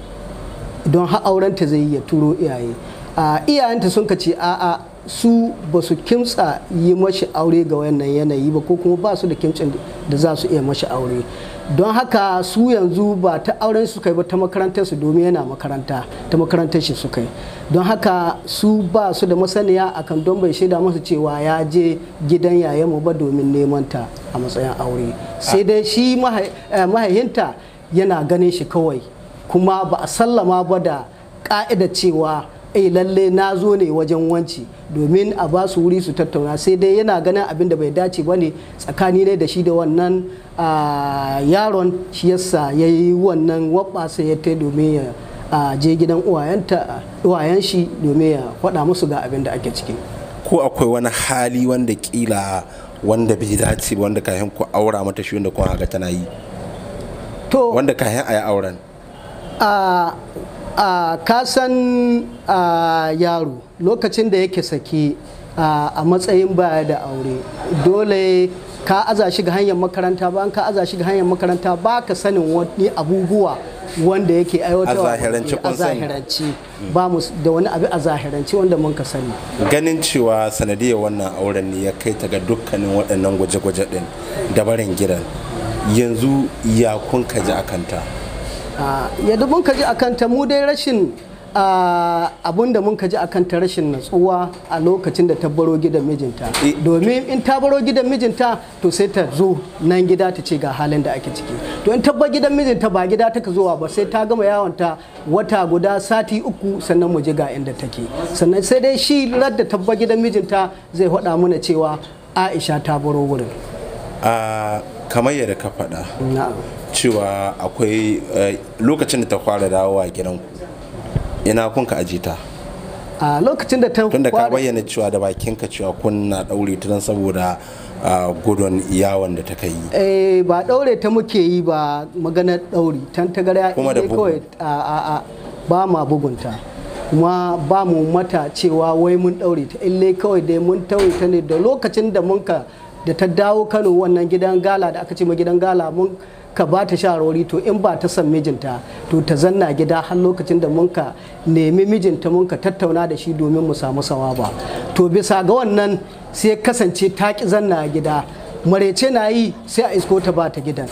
idan har aurenta zai yi ya turo iyaye a iyayenta sun ce a'a su ba su kimtsa yi mashi aure ga wannan yanayi ba ko kuma ba su da kimtsin da za su iya mashi aure don haka su yanzu ba ta auren su kai ba ta makarantar su domin yana makaranta ta makarantar shi su kai don haka su ba su da masaniya akan don bai shaida masu cewa ya je gidan mu ba domin neman ta a matsayin aure sai dai shi mahaihinta eh, yana ganin shi kawai kuma ba a sallama ba da ka'ida cewa eh lalle na zo ne wajen wanci domin a ba su wuri su tattauna sai dai yana ganin abin da bai dace ba ne tsakani ne da shi da wannan yaron shi yasa ya yi wannan wabasa ya ta domin ya je gidan uwayen shi domin ya faɗa musu ga abin da ake ciki ko akwai wani hali wanda kila wanda bai dace wanda kayan ku aura mata shi wanda kuma haka tana yi to wanda kayan a yi auren a kasan yaro lokacin da yake sake a matsayin baya da aure dole ka aza shi ga hanyar makaranta ba ka aza shi ga hanyar makaranta ba ka sanin wani abubuwa wanda yake aiwatarwa a zahiranci ba mu da wani abu a zahiranci wanda mun ka sani ganin cewa sanadiyar wannan auren ne ya kai ta ga dukkanin waɗannan gwaje-gwaje ɗin da barin gidan yanzu ya kun ka ji akanta Ah, yadda mun kaji a kanta mu dai rashin ah, abun da mun kaji a kanta rashin natsuwa a lokacin da ta baro gidan mijinta eh. domin in ta baro gidan mijinta to sai ta zo nan gida ta ce ga halin da ake ciki to in tabbar gidan mijinta ba gida ta ka zuwa ba sai ta gama yawonta wata guda sati uku sannan mu ji ga inda take sannan sai dai shi da tabbar gidan mijinta zai faɗa mana cewa aisha ta baro wurin ah, kamar yadda ka faɗa cewa akwai eh, lokacin da ta fara dawowa gidanku ina kun ka aje ta a lokacin da ta tunda ka bayyana cewa da bakin ka cewa kun na daure ta dan saboda gudun yawon da ta kai eh ba daure ta muke yi ba maganar daure tan ta gara kuma da kawai a a ba ma bugunta kuma ba mu mata cewa wai mun daure ta illai kawai dai mun taure ta ne da lokacin da mun ka da ta dawo Kano wannan gidan gala da aka ce ma gidan gala mun ka ba ta shawarwari to in ba ta san mijinta to ta zanna gida har lokacin da munka nemi mijinta munka tattauna da shi domin mu samu sawa ba to bisa ga wannan sai kasance ta ki zanna gida marece na yi sai a isko ta ba ta gidan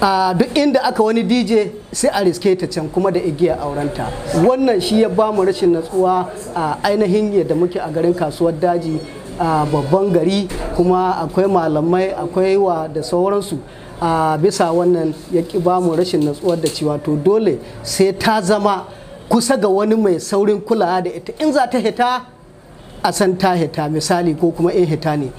a duk inda aka wani dj sai a riske ta can kuma da igiya aurenta wannan shi ya ba mu rashin natsuwa a ainihin yadda muke a garin kasuwar daji a babban gari kuma akwai malamai akwai wa da sauransu a bisa wannan ya ki ba mu rashin natsuwar da cewa to dole sai ta zama kusa ga wani mai saurin kulawa da ita in za ta hita a san ta hita misali ko kuma in hita ne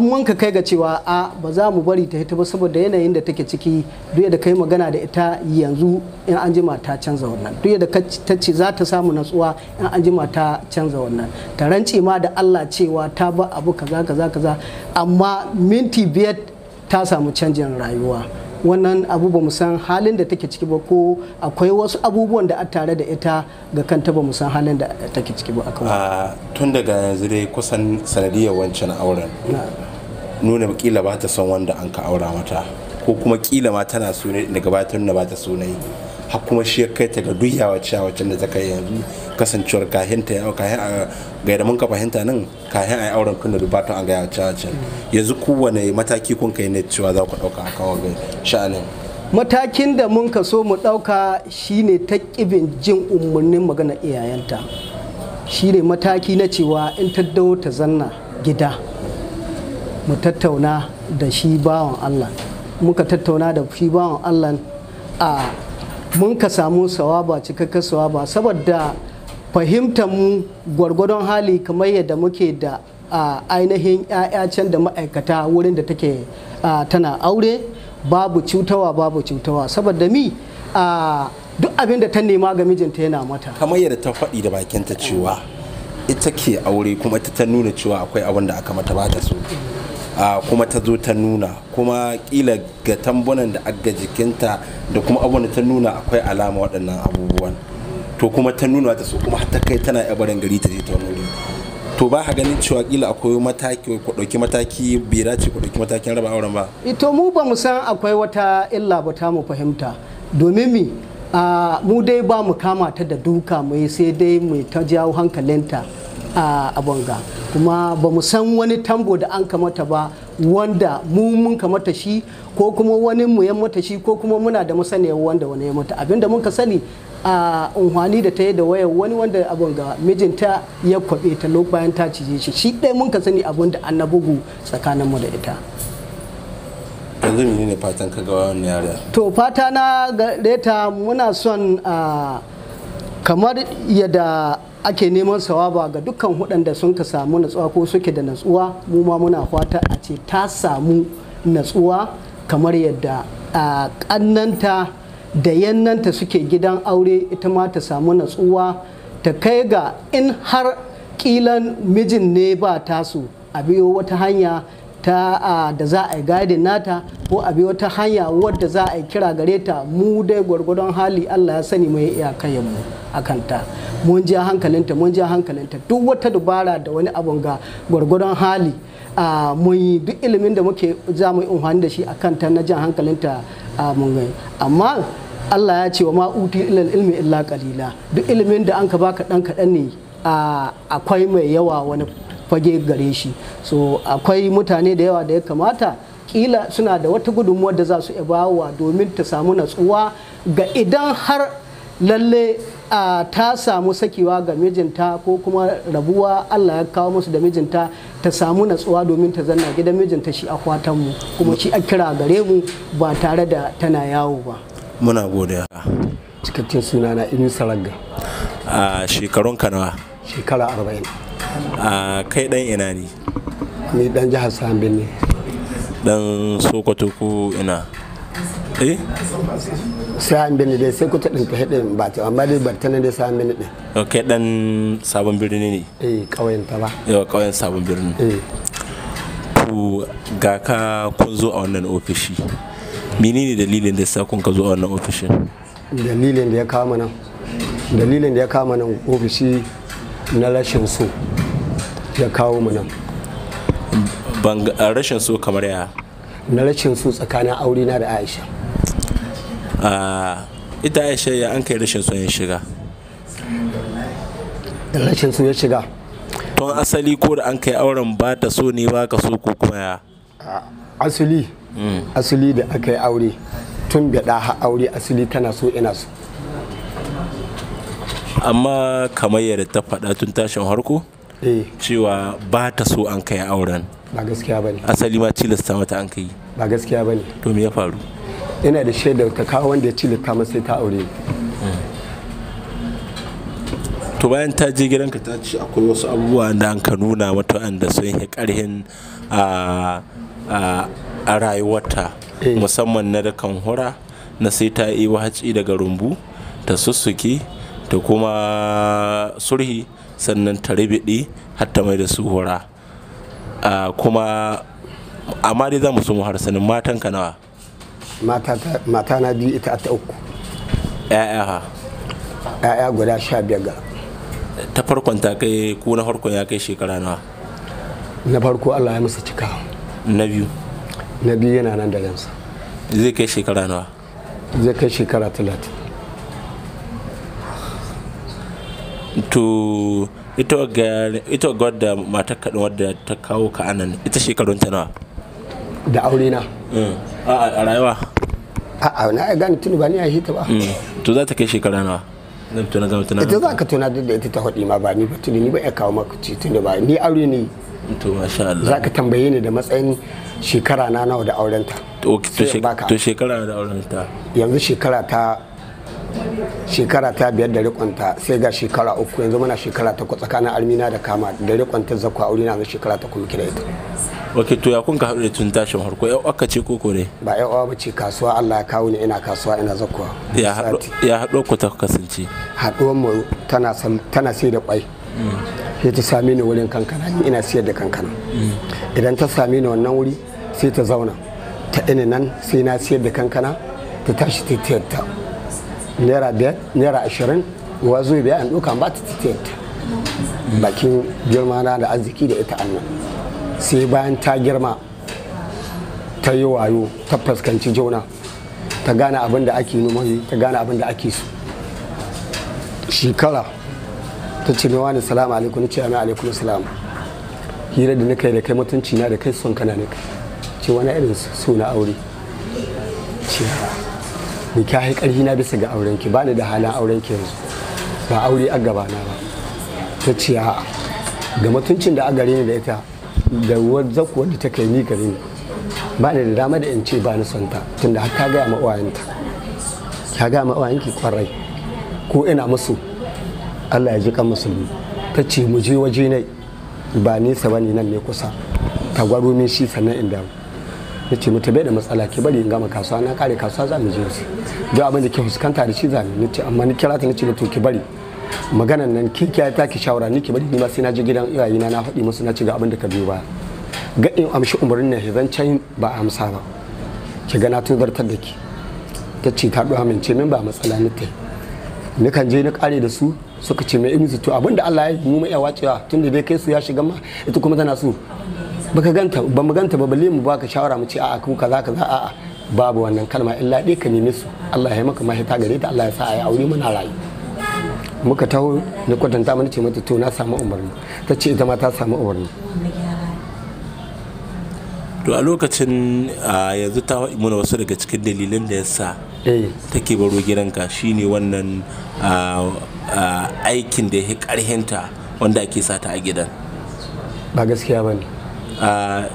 mun ka kai ga cewa a ba za mu bari ta hita ba saboda yanayin da take ciki duk da kai magana da ita yanzu in an jima ta canza wannan duk da ta ce za ta samu natsuwa in an jima ta canza wannan ta rance ma da Allah cewa ta ba abu kaza kaza kaza amma minti biyar ta samu canjin rayuwa wannan abu ba san halin da take ciki ba ko akwai wasu abubuwan da a tare da ita ga kanta ba san halin da take ciki ba a tun daga yanzu dai kusan sanadiyar wancan auren nuna kila ba ta son wanda an ka aura mata ko kuma kila ma tana sunai daga ba ta ba ta sunai ne har shi ya kai ta ga duk yawa da ta kai yanzu kasancewar kahin ta yawa kahin a gaida mun ka fahimta nan kahin a yi auren tun da dubatan a gaya can yanzu kowane mataki kun kai ne cewa za ku ɗauka a kawo ga sha'anin matakin da mun ka so mu ɗauka shine ta ƙibin jin umarnin magana iyayenta shine mataki na cewa in ta dawo ta zanna gida mu tattauna da shi bawan allah muka tattauna da shi bawan allah a mun ka samu sawaba cikakken sawaba saboda fahimtar mu gwargwadon hali kamar yadda muke da ainihin 'ya'ya can da ma'aikata wurin da take tana aure babu cutawa babu cutawa saboda mi duk abin da ta nema ga mijinta yana mata kamar yadda ta faɗi da bakinta cewa ita ke aure kuma ta nuna cewa akwai abin da aka mata bata so kuma ta zo ta nuna kuma kila ga tambunan da aga jikinta da kuma abin da ta nuna akwai alama waɗannan abubuwan to kuma ta nuna ta so kuma ta kai tana yabaran gari ta je ta wani to ba ka ganin cewa kila akwai mataki ko dauki mataki bai dace ko dauki matakin raba auren ba eh, to mu ba mu san akwai wata illa ba ta mu fahimta domin mi ah, mu dai ba mu kama ta da duka mai sai dai mu ta jawo hankalinta ah, a abonga kuma ba mu san wani tambo da an kamata ba wanda mu mun kamata shi ko kuma wani mu ya mata shi ko kuma muna da masaniya wanda wani ya mata abinda mun ka sani a unhwani da ta yi da waya wani wanda abun ga mijinta ya kwabe ta bayan ta cije shi shi ɗaya mun ka sani abun da an bugu mu da ita yanzu mene ne fatan ka ga wannan to fata na gare muna son kamar yadda ake neman sawaba ga dukkan waɗanda sun ka samu natsuwa ko suke da natsuwa mu ma muna fata a ce ta samu natsuwa kamar yadda a ƙannanta da yannanta suke gidan aure ita ma ta samu natsuwa ta kai ga in har kilan mijin ne ba tasu a biyo wata hanya ta da za a yi gadi nata ko a biyo wata hanya wadda za a yi kira gare ta mu dai gwargwadon hali Allah ya sani mai iyakayen mu a kanta mun ji hankalinta mun ji hankalinta duk wata dubara da wani abun ga gwargwadon hali mun yi duk ilimin da muke za mu yi da shi a kanta na jan hankalinta mun gai, amma Allah ya ce wa ma uti ilal ilmi illa kalila duk ilimin da an ka baka dan kadan ne akwai mai yawa wani fage gare shi so akwai mutane da yawa da ya kamata kila suna da wata gudunmuwa da za su iya bawa domin ta samu natsuwa ga idan har lalle a ta samu sakewa ga mijinta ko kuma rabuwa Allah ya kawo musu da mijinta ta samu natsuwa domin ta zanna gidan mijinta shi a mu kuma shi a kira gare mu ba tare da tana yawo ba muna godiya cikakken suna na inu saragga a shekarun kanawa shekara arba'in a kai dan ina ne ni dan jihar sambin ne dan sokoto ko ina eh sai an bini dai sai kuta din kai din ba ta amma dai bartana dai sai an bini din Ok ɗan sabon birni ne eh kauyen ta ba yau kauyen sabon birni eh. Ku ga ka kun zo a wannan ofishi menene dalilin da sa kun ka zo a wannan ofishin dalilin da ya kama nan dalilin da ya kama nan ofishi na rashin so ya kawo mu nan ban rashin so kamar ya na rashin so tsakanin aure na da Aisha ita ya ya an kai rashin son ya shiga rashin so ya shiga tun asali ko da an kai auren ba ta so ne ba ka so ko kuma ya asali hmm. asali da aka yi aure tun da ha aure asali tana so ina so amma kamar yadda ta faɗa tun tashin harko eh. cewa ba ta so an kai auren ba gaskiya ba ne asali ma cilasta mata an kai ba gaskiya ba ne to me ya faru ina da shaidar ka kawo wanda ya ci littafin sai ta aure to bayan ta je gidanka ta ce akwai wasu abubuwa da an ka nuna mata wanda sun yi karhin a rayuwarta eh. musamman na da kan hura na sai ta yi haci daga rumbu ta sussuki ta kuma surhi sannan ta ribiɗi har mai da su hura kuma amma dai za mu su mu harsanin matanka nawa mata na biyu ita ta uku ya'ya ha ya'ya guda sha biyar ga ta farkon ta kai ku na farko ya kai shekara nawa na farko Allah ya musu cika na biyu na biyu yana nan da yansa zai kai shekara nawa zai kai shekara talatin to ita wadda matakaɗin wadda ta kawo ka anan ita shekarun ta nawa da aure na mm. a rayuwa a'a na gane tuni ba ni a hita ba hmm. to za ta kai shekara nawa zan tuna gama tuna ita za ka tuna duk da ita ta hudi ma ba ni ba tuni ni ba ya kawo maka ci tuni ba ni aure ne to masha Allah za ka tambaye ni da matsayin shekara na nawa da aurenta to shekara da aurenta yanzu shekara ta shekara ta biyar da rikonta sai ga shekara uku yanzu mana shekara ta tsakanin armina da kama da rikonta zakwa aure na shekara ta kuma kira ita ok to ya kunka haɗu da tun tashin harko yau aka ce ko ne? ba yau awa bace kasuwa Allah ya kawo ni ina kasuwa ina zakwa ya haɗo ku ta kasance haɗuwar mu tana sai da kwai mm. sai ta sami ni wurin kankana ina siyar da kankana mm. idan ta sami ni wannan wuri sai ta zauna ta ina nan sai na siyar da kankana ta tashi ta tiyarta naira biyar naira ashirin wa zuwa biya an ɗauka ba ta ta bakin girma na da arziki da ita annan sai bayan ta girma ta yi wayo ta fuskanci juna ta gane abin da ake noma ta gane abin da ake so shekara ta ce mai wani salamu alaikum ce mai alaikum salam hira da yi da kai mutunci na da kai son kana nika ce wani irin suna aure ce ni ka hai karhi na bisa ga auren ki bani da halin auren ki yanzu ba aure a gaba na ba ta ce a'a ga mutuncin da a gare ni da ita da wadda kuwa da ta kai ni gare ni ba da dama da in ce ba ni son ta tunda har ka gaya ma ka gaya ma ki kwarai ko ina musu Allah ya ji kan musulmi ta ce mu je waje ne ba nesa ba ne nan ne kusa ta gwaro min shi sannan in dawo ya ce mutu bai da matsala ke bari in gama kasuwa na kare kasuwa za mu je su duk abin da ke fuskanta da shi za mu ce amma ni kira ta ce to ki bari maganan nan ki kiyaye ta ki shawara ni ki bari ni ma sai na je gidan iyayena na faɗi musu na ci ga abin da ka biyo ba ga in amshi umarnin na zan can ba amsa ba ki ga na tuzartar da ki ta ce ta ɗuwa min ce min ba matsala ni ta ni kan je ni kare da su suka ce mai imisu to abin da Allah ya yi mu mai yawa cewa tun da bai kai su ya shiga ma ita kuma tana so baka ganta ba mu ganta ba balle mu baka shawara mu ce a'a ku kaza kaza a'a babu wannan kalma illa dai ka nemi su Allah ya maka mahita gare ta Allah ya sa a aure muna rayu muka taho ni kwatanta mana ce mata to na samu umarni ta ce ita ma ta samu umarni to a lokacin yanzu ta faɗi mana wasu daga cikin dalilan da ya sa eh. take baro gidanka shine wannan aikin da ya ƙarhinta wanda ake sata a gidan ba gaskiya ba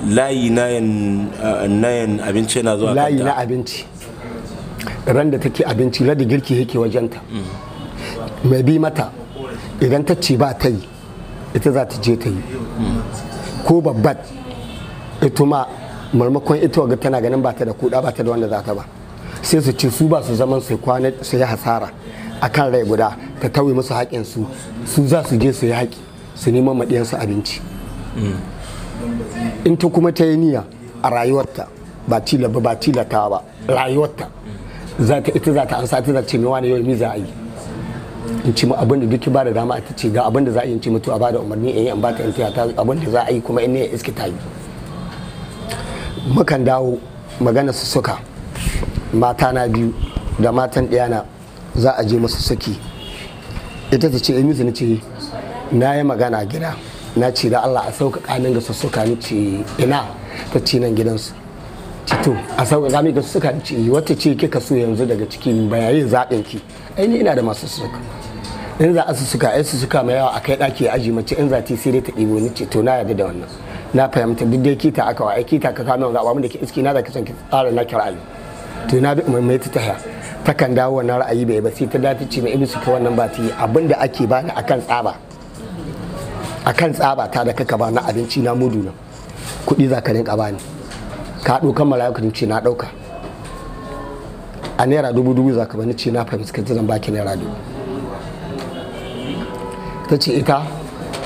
layi nayan abinci yana zuwa layi na abinci ran da take abinci rada girki yake wajenta mai bi mata idan ta ce ba ta yi ita za ta je ta yi ko babbat ita ma marmakon ita ga tana ganin ba ta da kuɗa ba ta da wanda za ta ba sai su ce su ba su zaman su kwana su yi hasara a kan rai guda ta tauye musu haƙinsu su za su je su yi haƙi su neman maɗiyansu abinci in ta kuma ta yi niyya a rayuwarta ba tila ba ta ba rayuwarta za ta ita za ta ansa ta ce me wani yau mi za a yi in ci mu abin da duk ba da dama ta ce ga abin da za a yi in ci mutu a ba da umarni eh, in yi an ba ta in ta abin da za a yi kuma in ne iske ta yi mukan dawo magana su suka mata na biyu da matan ɗiyana za a je masu saki ita ta ce eh, in ce na yi magana gida na ce da Allah a sauƙaƙa min ga sassuka ni ce ina ta ci nan gidansu Cito a sauƙaƙa min ga sussuka ni ce eh, wata ce kika so yanzu daga cikin bayayin zaɓin ki ai ni ina da masu sassuka. in za a sassuka ai sassuka mai yawa a kai ɗaki aji mace in za ta sai dai ta ɗibo ni ce to na yarda da wannan na fahimta duk dai kita aka wa ai kita ka kano ba mun da ke iski na da kisan ki tsara na kira Ali. to na bi mai ta ta takan dawo wannan ra'ayi bai ba sai ta dace mai ibi suka wannan ba ta yi abinda ake bani akan tsaba akan tsaba ta da kaka ba na abinci na mudu na kuɗi za ka rinka bani ka ɗaukan mala'ikun ce na ɗauka a naira dubu dubu za ka bani ce na fahimci ka zan baki naira dubu ta ce ita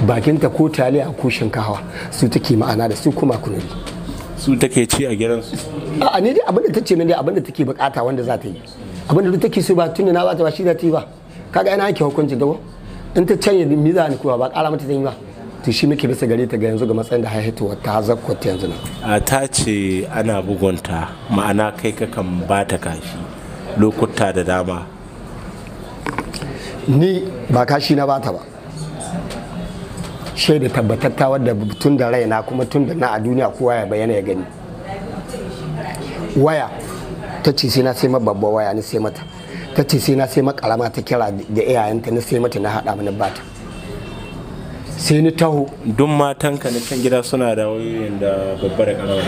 bakinta ko taliya ko shinkawa su take ma'ana da su kuma kunuri su take ci a gidansu a ne dai abinda ta ce ne dai abinda take bukata wanda za ta yi abinda da take so ba tunda na ba ta ba shi za ta yi ba kaga ina yake hukunci dawo in ta canye mizani kuma ba kara mata zan yi ba to shi muke bisa gare ta ga yanzu ga matsayin da haihuwa ta zakwata yanzu nan ta ce ana bugunta ma'ana kai kakan ba ta kashi lokuta da dama ni ba kashi na bata ba shaida tabbatatta wadda tun da raina kuma tun da na a duniya kowa ya bayyana ya gani waya ta ce sai na sai ma babba waya ni sai mata ta ce sai na sai ma karama ta kira da iyayenta na sai mata na hada mana bata sai ni taho duk matan ka na can gida suna da wayoyin da babba da karawa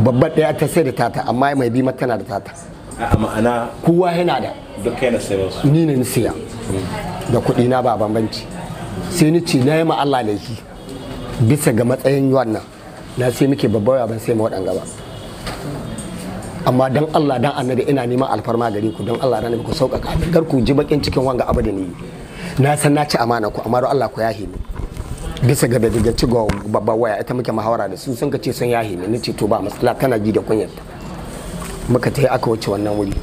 babba ɗaya ta sai da tata amma mai bi tana da tata a ma'ana kowa yana da duk yana sai wasu ni ne ni siya da kuɗi na ba bambanci sai ni ce na yi ma Allah laifi bisa ga matsayin wannan na sai muke babbar ban sai ma waɗanga ba amma dan Allah dan annabi ina neman alfarma gare ku dan Allah dan ku sauƙaƙa kar ku ji bakin cikin wanga abada ne na san na ci amana ku amma Allah ku yahe ni bisa ga daga ga babban waya ita muke muhawara da su sun ka ce sun yahi ne ni ce to ba matsala tana ji da kunyar muka tai aka wuce wannan wuri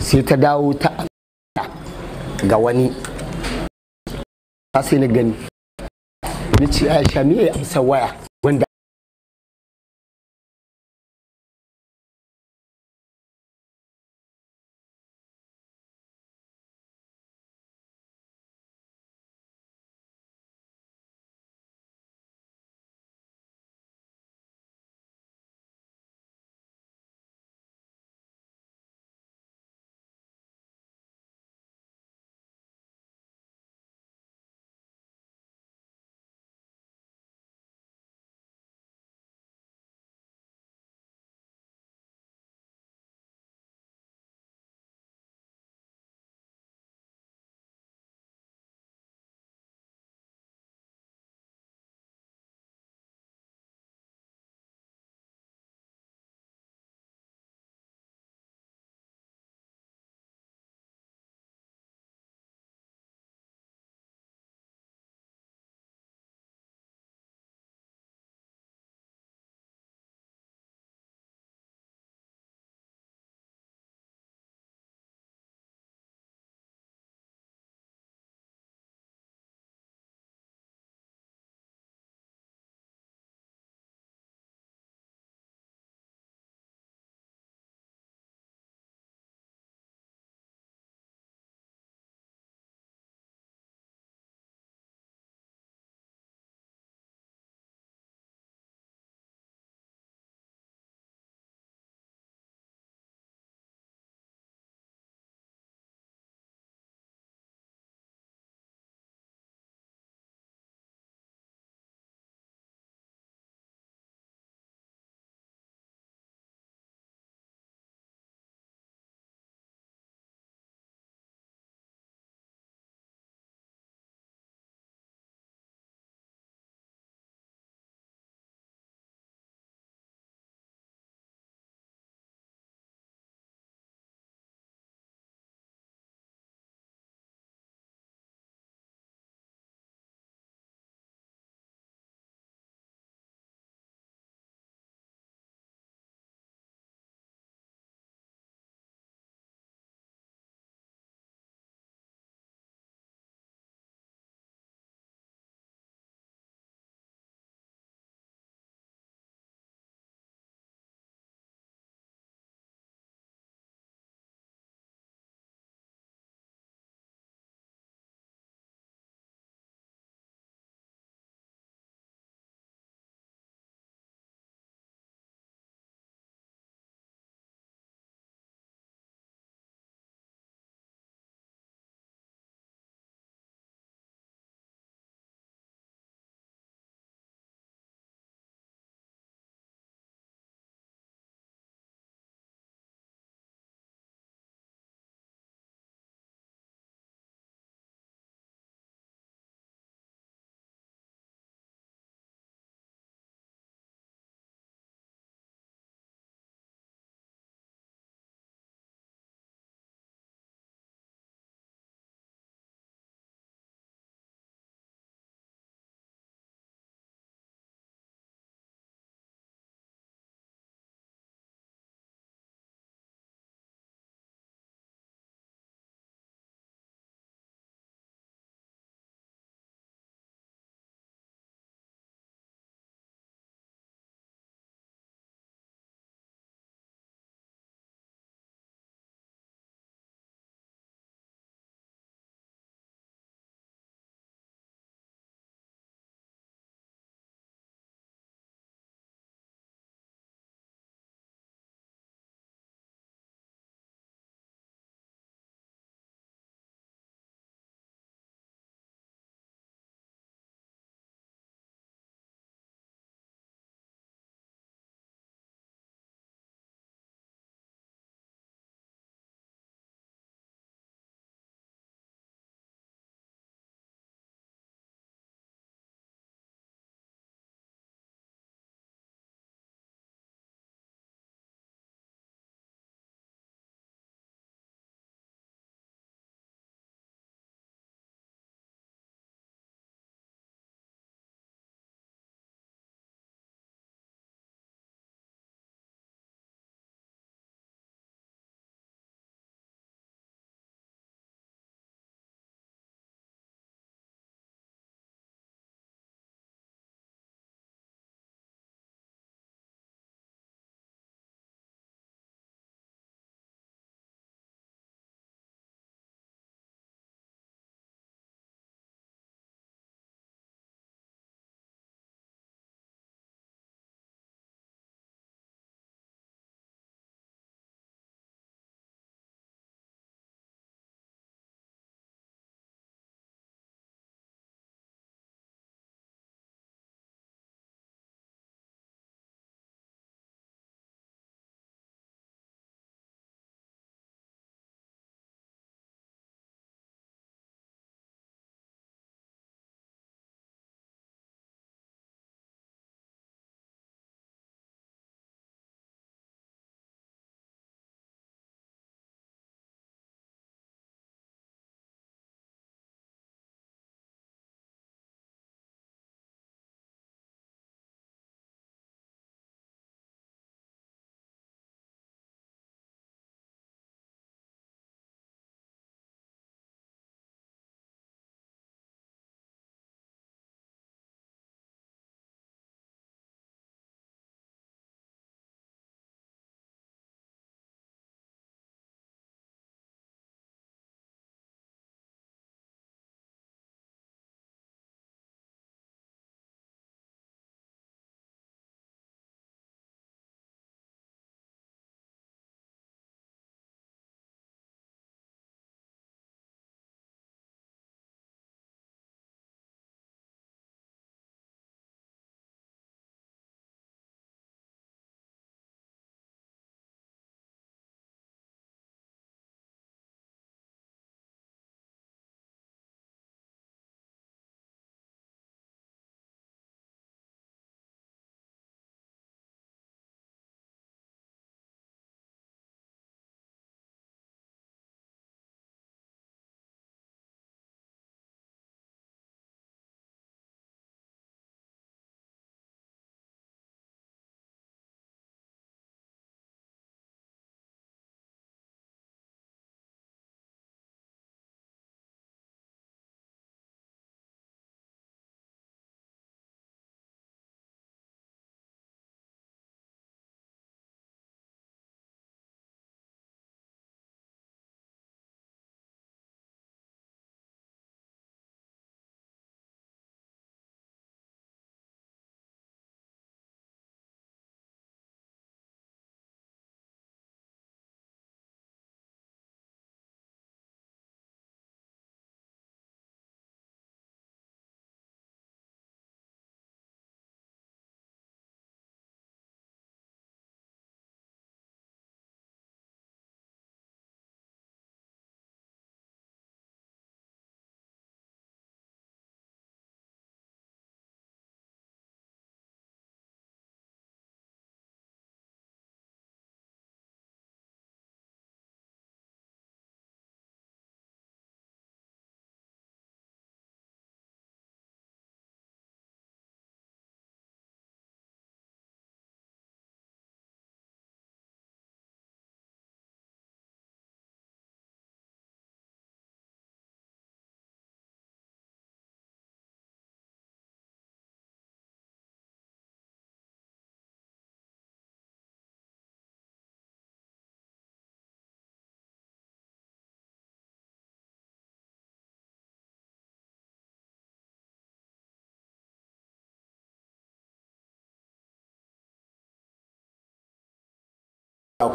sai ta dawo ta ga wani sai na gani ni ce aisha me amsa waya wanda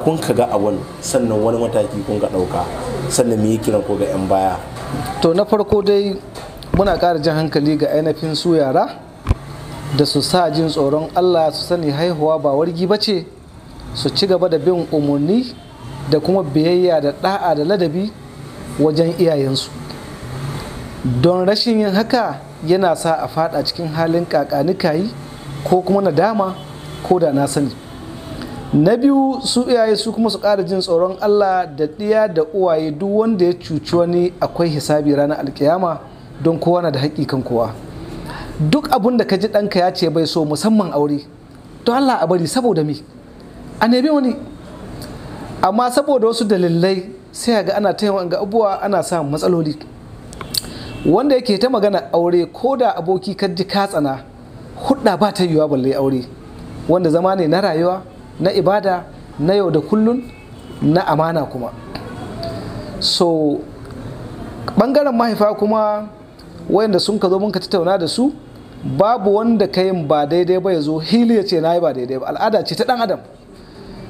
kun ka ga awal sannan wani mataki kun ka ɗauka sannan me kiran ko ga 'yan baya to na farko dai muna ƙara jin hankali ga ainihin su yara da su sa jin tsoron allah su sani haihuwa ba wargi ba ce su ci gaba da bin umarni da kuma biyayya da ɗa'a da ladabi wajen iyayensu don rashin yin haka yana sa a fada cikin halin kakanikayi ko kuma nadama ko da na sani na biyu su iyaye su kuma su ƙara jin tsoron allah da ɗiya da uwaye duk wanda ya cuci wani akwai hisabi ranar alkiyama don kowa na da haƙƙi kan kowa duk abin da ka ji ɗanka ya ce bai so musamman aure to allah a bari saboda me a nemi wani amma saboda wasu dalilai sai ga ana ta yawan ga abubuwa ana samun matsaloli wanda yake ta magana aure ko da aboki ka ji ka tsana hudda ba ta yiwuwa balle aure wanda zama ne na rayuwa na ibada na yau da kullun na amana kuma so bangaren mahaifa kuma wayanda sun ka zo mun ka tattauna da su babu wanda ka yin ba daidai ba ya zo hili ya ce na yi ba daidai ba al'ada ce ta dan adam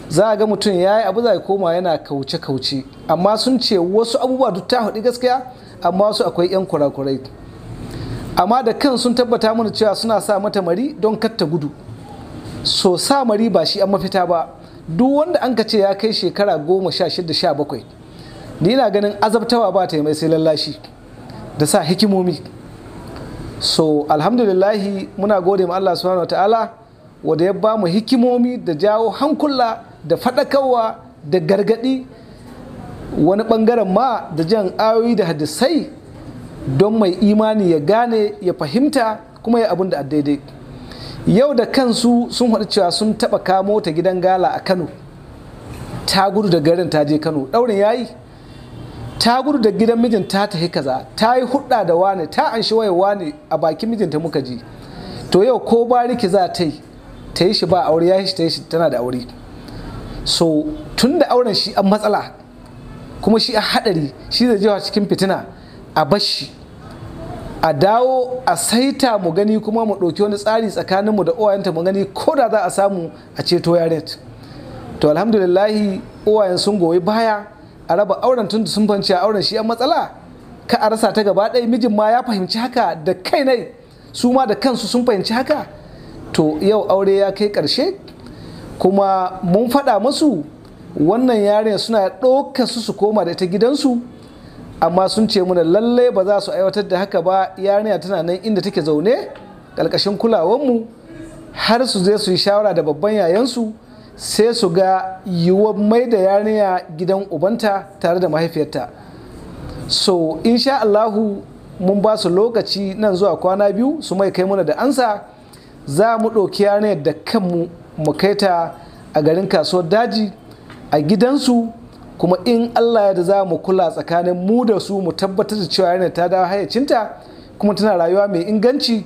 za a ga mutum ya yi abu za koma yana kauce-kauce amma sun ce wasu abubuwa duk ta haɗi gaskiya amma wasu akwai 'yan kurakurai amma da kan sun tabbata mana cewa suna sa mata mari don katta gudu so samari ba shi an mafita ba duk wanda an ka ce ya kai shekara goma sha shida sha bakwai ni na ganin azabtawa ba ta yi mai sai lallashi da sa hikimomi so alhamdulillahi muna gode ma Allah subhanahu ta'ala wanda ya ba mu hikimomi da jawo hankula da fadakawa da gargadi wani bangaren ma da jan ayoyi da hadisai don mai imani ya gane ya fahimta kuma ya abin da daidai. yau da kansu sun haɗu cewa sun taɓa kamo ta gidan gala a kano ta gudu da garin ta je kano ɗaurin ya yi ta gudu da gidan mijin ta tafi kaza ta yi hudda da wane ta anshi waye wane a bakin mijinta muka je. to yau ko bariki za ta yi ta yi shi ba aure ya yi shi ta yi shi tana da aure so tun da auren shi an matsala kuma shi a haɗari, shi zai jewa cikin fitina a bashi a dawo a saita mu gani kuma mu ɗauki wani tsari tsakaninmu da uwayenta mu gani ko da za a samu a ceto yaret to alhamdulillahi uwayen sun goyi baya a raba auren tun da sun fanci auren shi a matsala ka a rasa ta gaba ɗaya mijin ma ya fahimci haka da kai nai su ma da kansu sun fahimci haka to yau aure ya kai ƙarshe kuma mun faɗa musu wannan yaren suna ɗaukar su su koma da ita gidansu amma sun ce mana lallai ba za su aiwatar da haka ba yarinya tana nan inda take zaune ƙarƙashin kulawanmu har su zai su yi shawara da babban yayansu sai su ga yiwuwar mai da yarinya gidan ubanta tare da mahaifiyarta so insha Allahu mun ba su lokaci nan zuwa kwana biyu su mai kai muna da ansa za mu ɗauki yarinyar da kanmu mu kai ta a garin kasuwar daji a gidansu kuma in Allah ya da za mu kula tsakanin mu da su mu tabbatar da cewa yana ta dawo hayyacinta kuma tana rayuwa mai inganci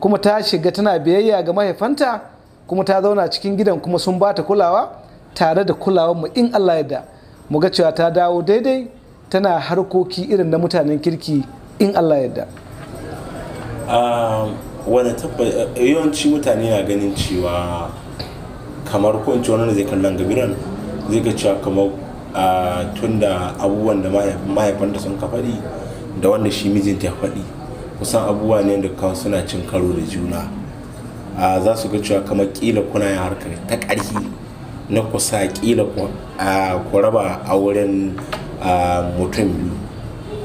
kuma ta shiga tana biyayya ga mahaifanta kuma ta zauna cikin gidan kuma sun ba ta kulawa tare da kulawar mu in Allah ya da mu ga cewa ta dawo daidai tana harkoki irin na mutanen kirki in Allah ya da wani yawanci mutane na ganin cewa kamar ko wani zai kallon gabiran zai ga cewa kamar tun da abubuwan da mahaifanta sun ka faɗi da wanda shi mijinta ya faɗi kusan abubuwa ne da kawo suna cin karo da juna za su ga cewa kamar kila kuna yin harkar ta ƙarfi na kusa kila ku raba a wurin mutum biyu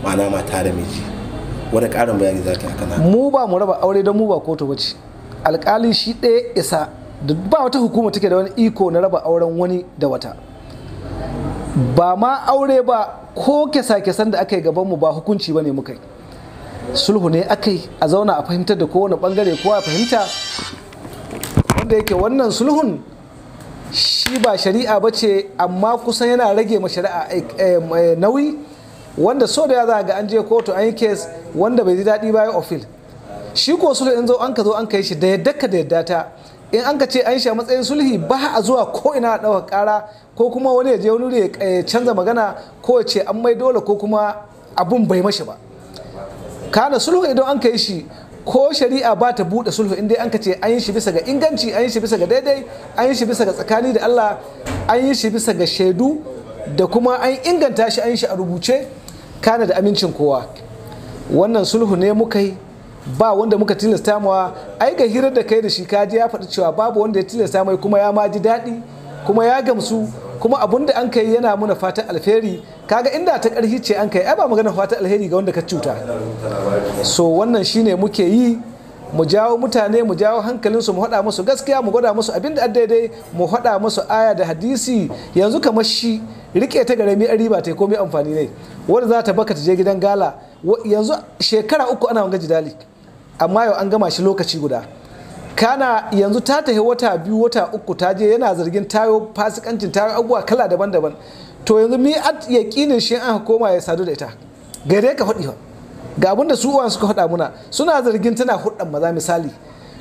ma'ana mata da miji wani ƙarin bayani za ta kana mu ba mu raba aure don mu ba kotu wace ce alƙali shi ɗaya isa ba wata hukuma take da wani iko na raba auren wani da wata ba ma aure ba ko kesa kyasan da aka yi gabanmu ba hukunci ba ne muka yi sulhu ne aka yi a zauna a fahimtar da kowane bangare kowa fahimta wanda yake wannan sulhun shi ba shari'a ba ce amma kusan yana rage ma shari'a eh, eh, nauyi wanda so da ya za ga an je kotu an yi kes wanda bai ji daɗi ba ya ofil shi ko sulhu in zo an ka zo an ka yi shi da yadda ka da yadda ta in an ka ce an shi a matsayin sulhi ba a zuwa ko ina a ɗaukar ƙara ko kuma wani ya je wani wuri ya eh, canza magana ko ya ce an mai dole ko kuma abun bai mashi ba kana sulhu idan an ka yi shi ko shari'a ba ta buɗe sulhu in dai an ka ce an yi shi bisa ga inganci an yi shi bisa ga daidai an yi shi bisa ga tsakani da Allah an yi shi bisa ga shaidu da kuma an inganta shi an yi shi a rubuce kana da amincin kowa wannan sulhu ne muka yi ba wanda muka tilasta mawa ai ga hirar da kai da shi kaji ya faɗi cewa babu wanda ya tilasta mai kuma ya maji ji daɗi kuma ya gamsu kuma abun da an kai yana muna fatan alheri kaga inda ta ƙarfi ce an kai ai ba magana fatan alheri ga wanda ka cuta so wannan shine muke yi mu jawo mutane mu jawo hankalinsu mu haɗa musu gaskiya mu gwada musu abin da daidai mu haɗa musu aya da hadisi yanzu kamar shi rike ta garami a riba ta komai amfani ne wanda za ta baka ta je gidan gala yanzu shekara uku ana wanga jidali amma yau an gama shi lokaci guda kana yanzu ta tahi wata biyu wata uku ta je yana zargin tayo fasikancin tayo abubuwa kala daban-daban to yanzu mi at yaƙinin shi an koma ya sadu da ita gare ka faɗi ga abinda su uwan suka faɗa muna suna zargin tana hudan maza misali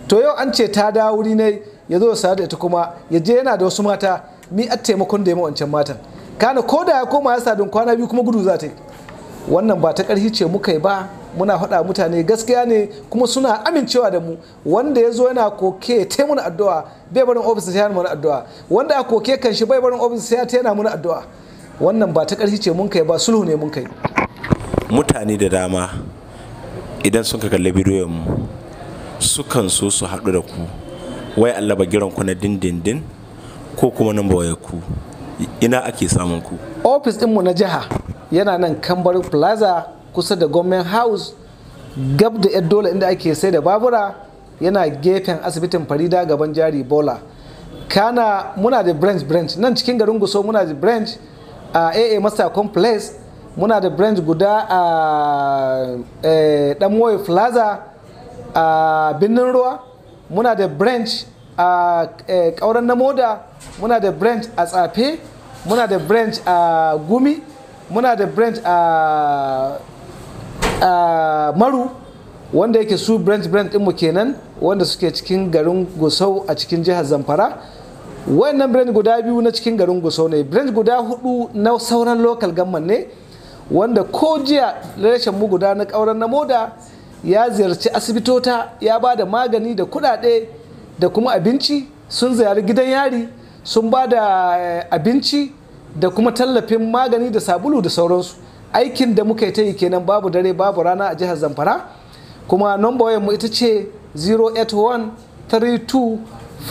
to yau an ce ta dawo wuri ne ya zo sadu da ita kuma ya je yana da wasu mata mi at taimakon da ya wancan matan kana ko da ya koma ya sadu kwana biyu kuma gudu za ta yi wannan ba ta ƙarfi ce muka yi ba muna faɗa mutane gaskiya ne kuma suna amincewa da mu wanda ya zo yana koke ta muna addu'a bai barin ofis sai yana muna addu'a wanda a koke kan shi bai barin ofis sai ta yana muna addu'a wannan ba ta ƙarfi ce mun kai ba sulhu ne mun kai mutane da dama idan sun ka kalli bidiyon mu sukan so su haɗu da ku wai Allah ba giran ku na dindindin ko kuma nan ba ku ina ake samun ku ofis ɗinmu na jiha yana nan kambar plaza kusa da government house gab da yar dole inda ake sai da babura yana gefen asibitin farida gaban jari bola kana muna da branch branch nan cikin garin guso muna da branch a aa master complex muna da branch guda a dan plaza a birnin ruwa muna da branch a kauran na moda muna da branch a tsafe muna da branch a gumi muna da branch a maru wanda yake su branch branch ɗinmu kenan wanda suke cikin garin gusau a cikin jihar zamfara wannan branch guda biyu na cikin garin gusau ne branch guda hudu na sauran local gamman ne wanda ko jiya rashin mu guda na kauran na moda ya ziyarci asibitota ya ba da magani da kuɗaɗe da kuma abinci sun ziyari gidan yari sun ba da eh, abinci da kuma tallafin magani da sabulu da sauransu aikin da muka yi ta yi kenan babu dare babu rana a jihar zamfara kuma nomba mu ita ce 081 32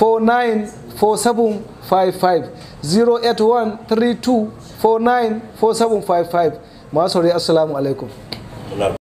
4755 081 4755 masu assalamu alaikum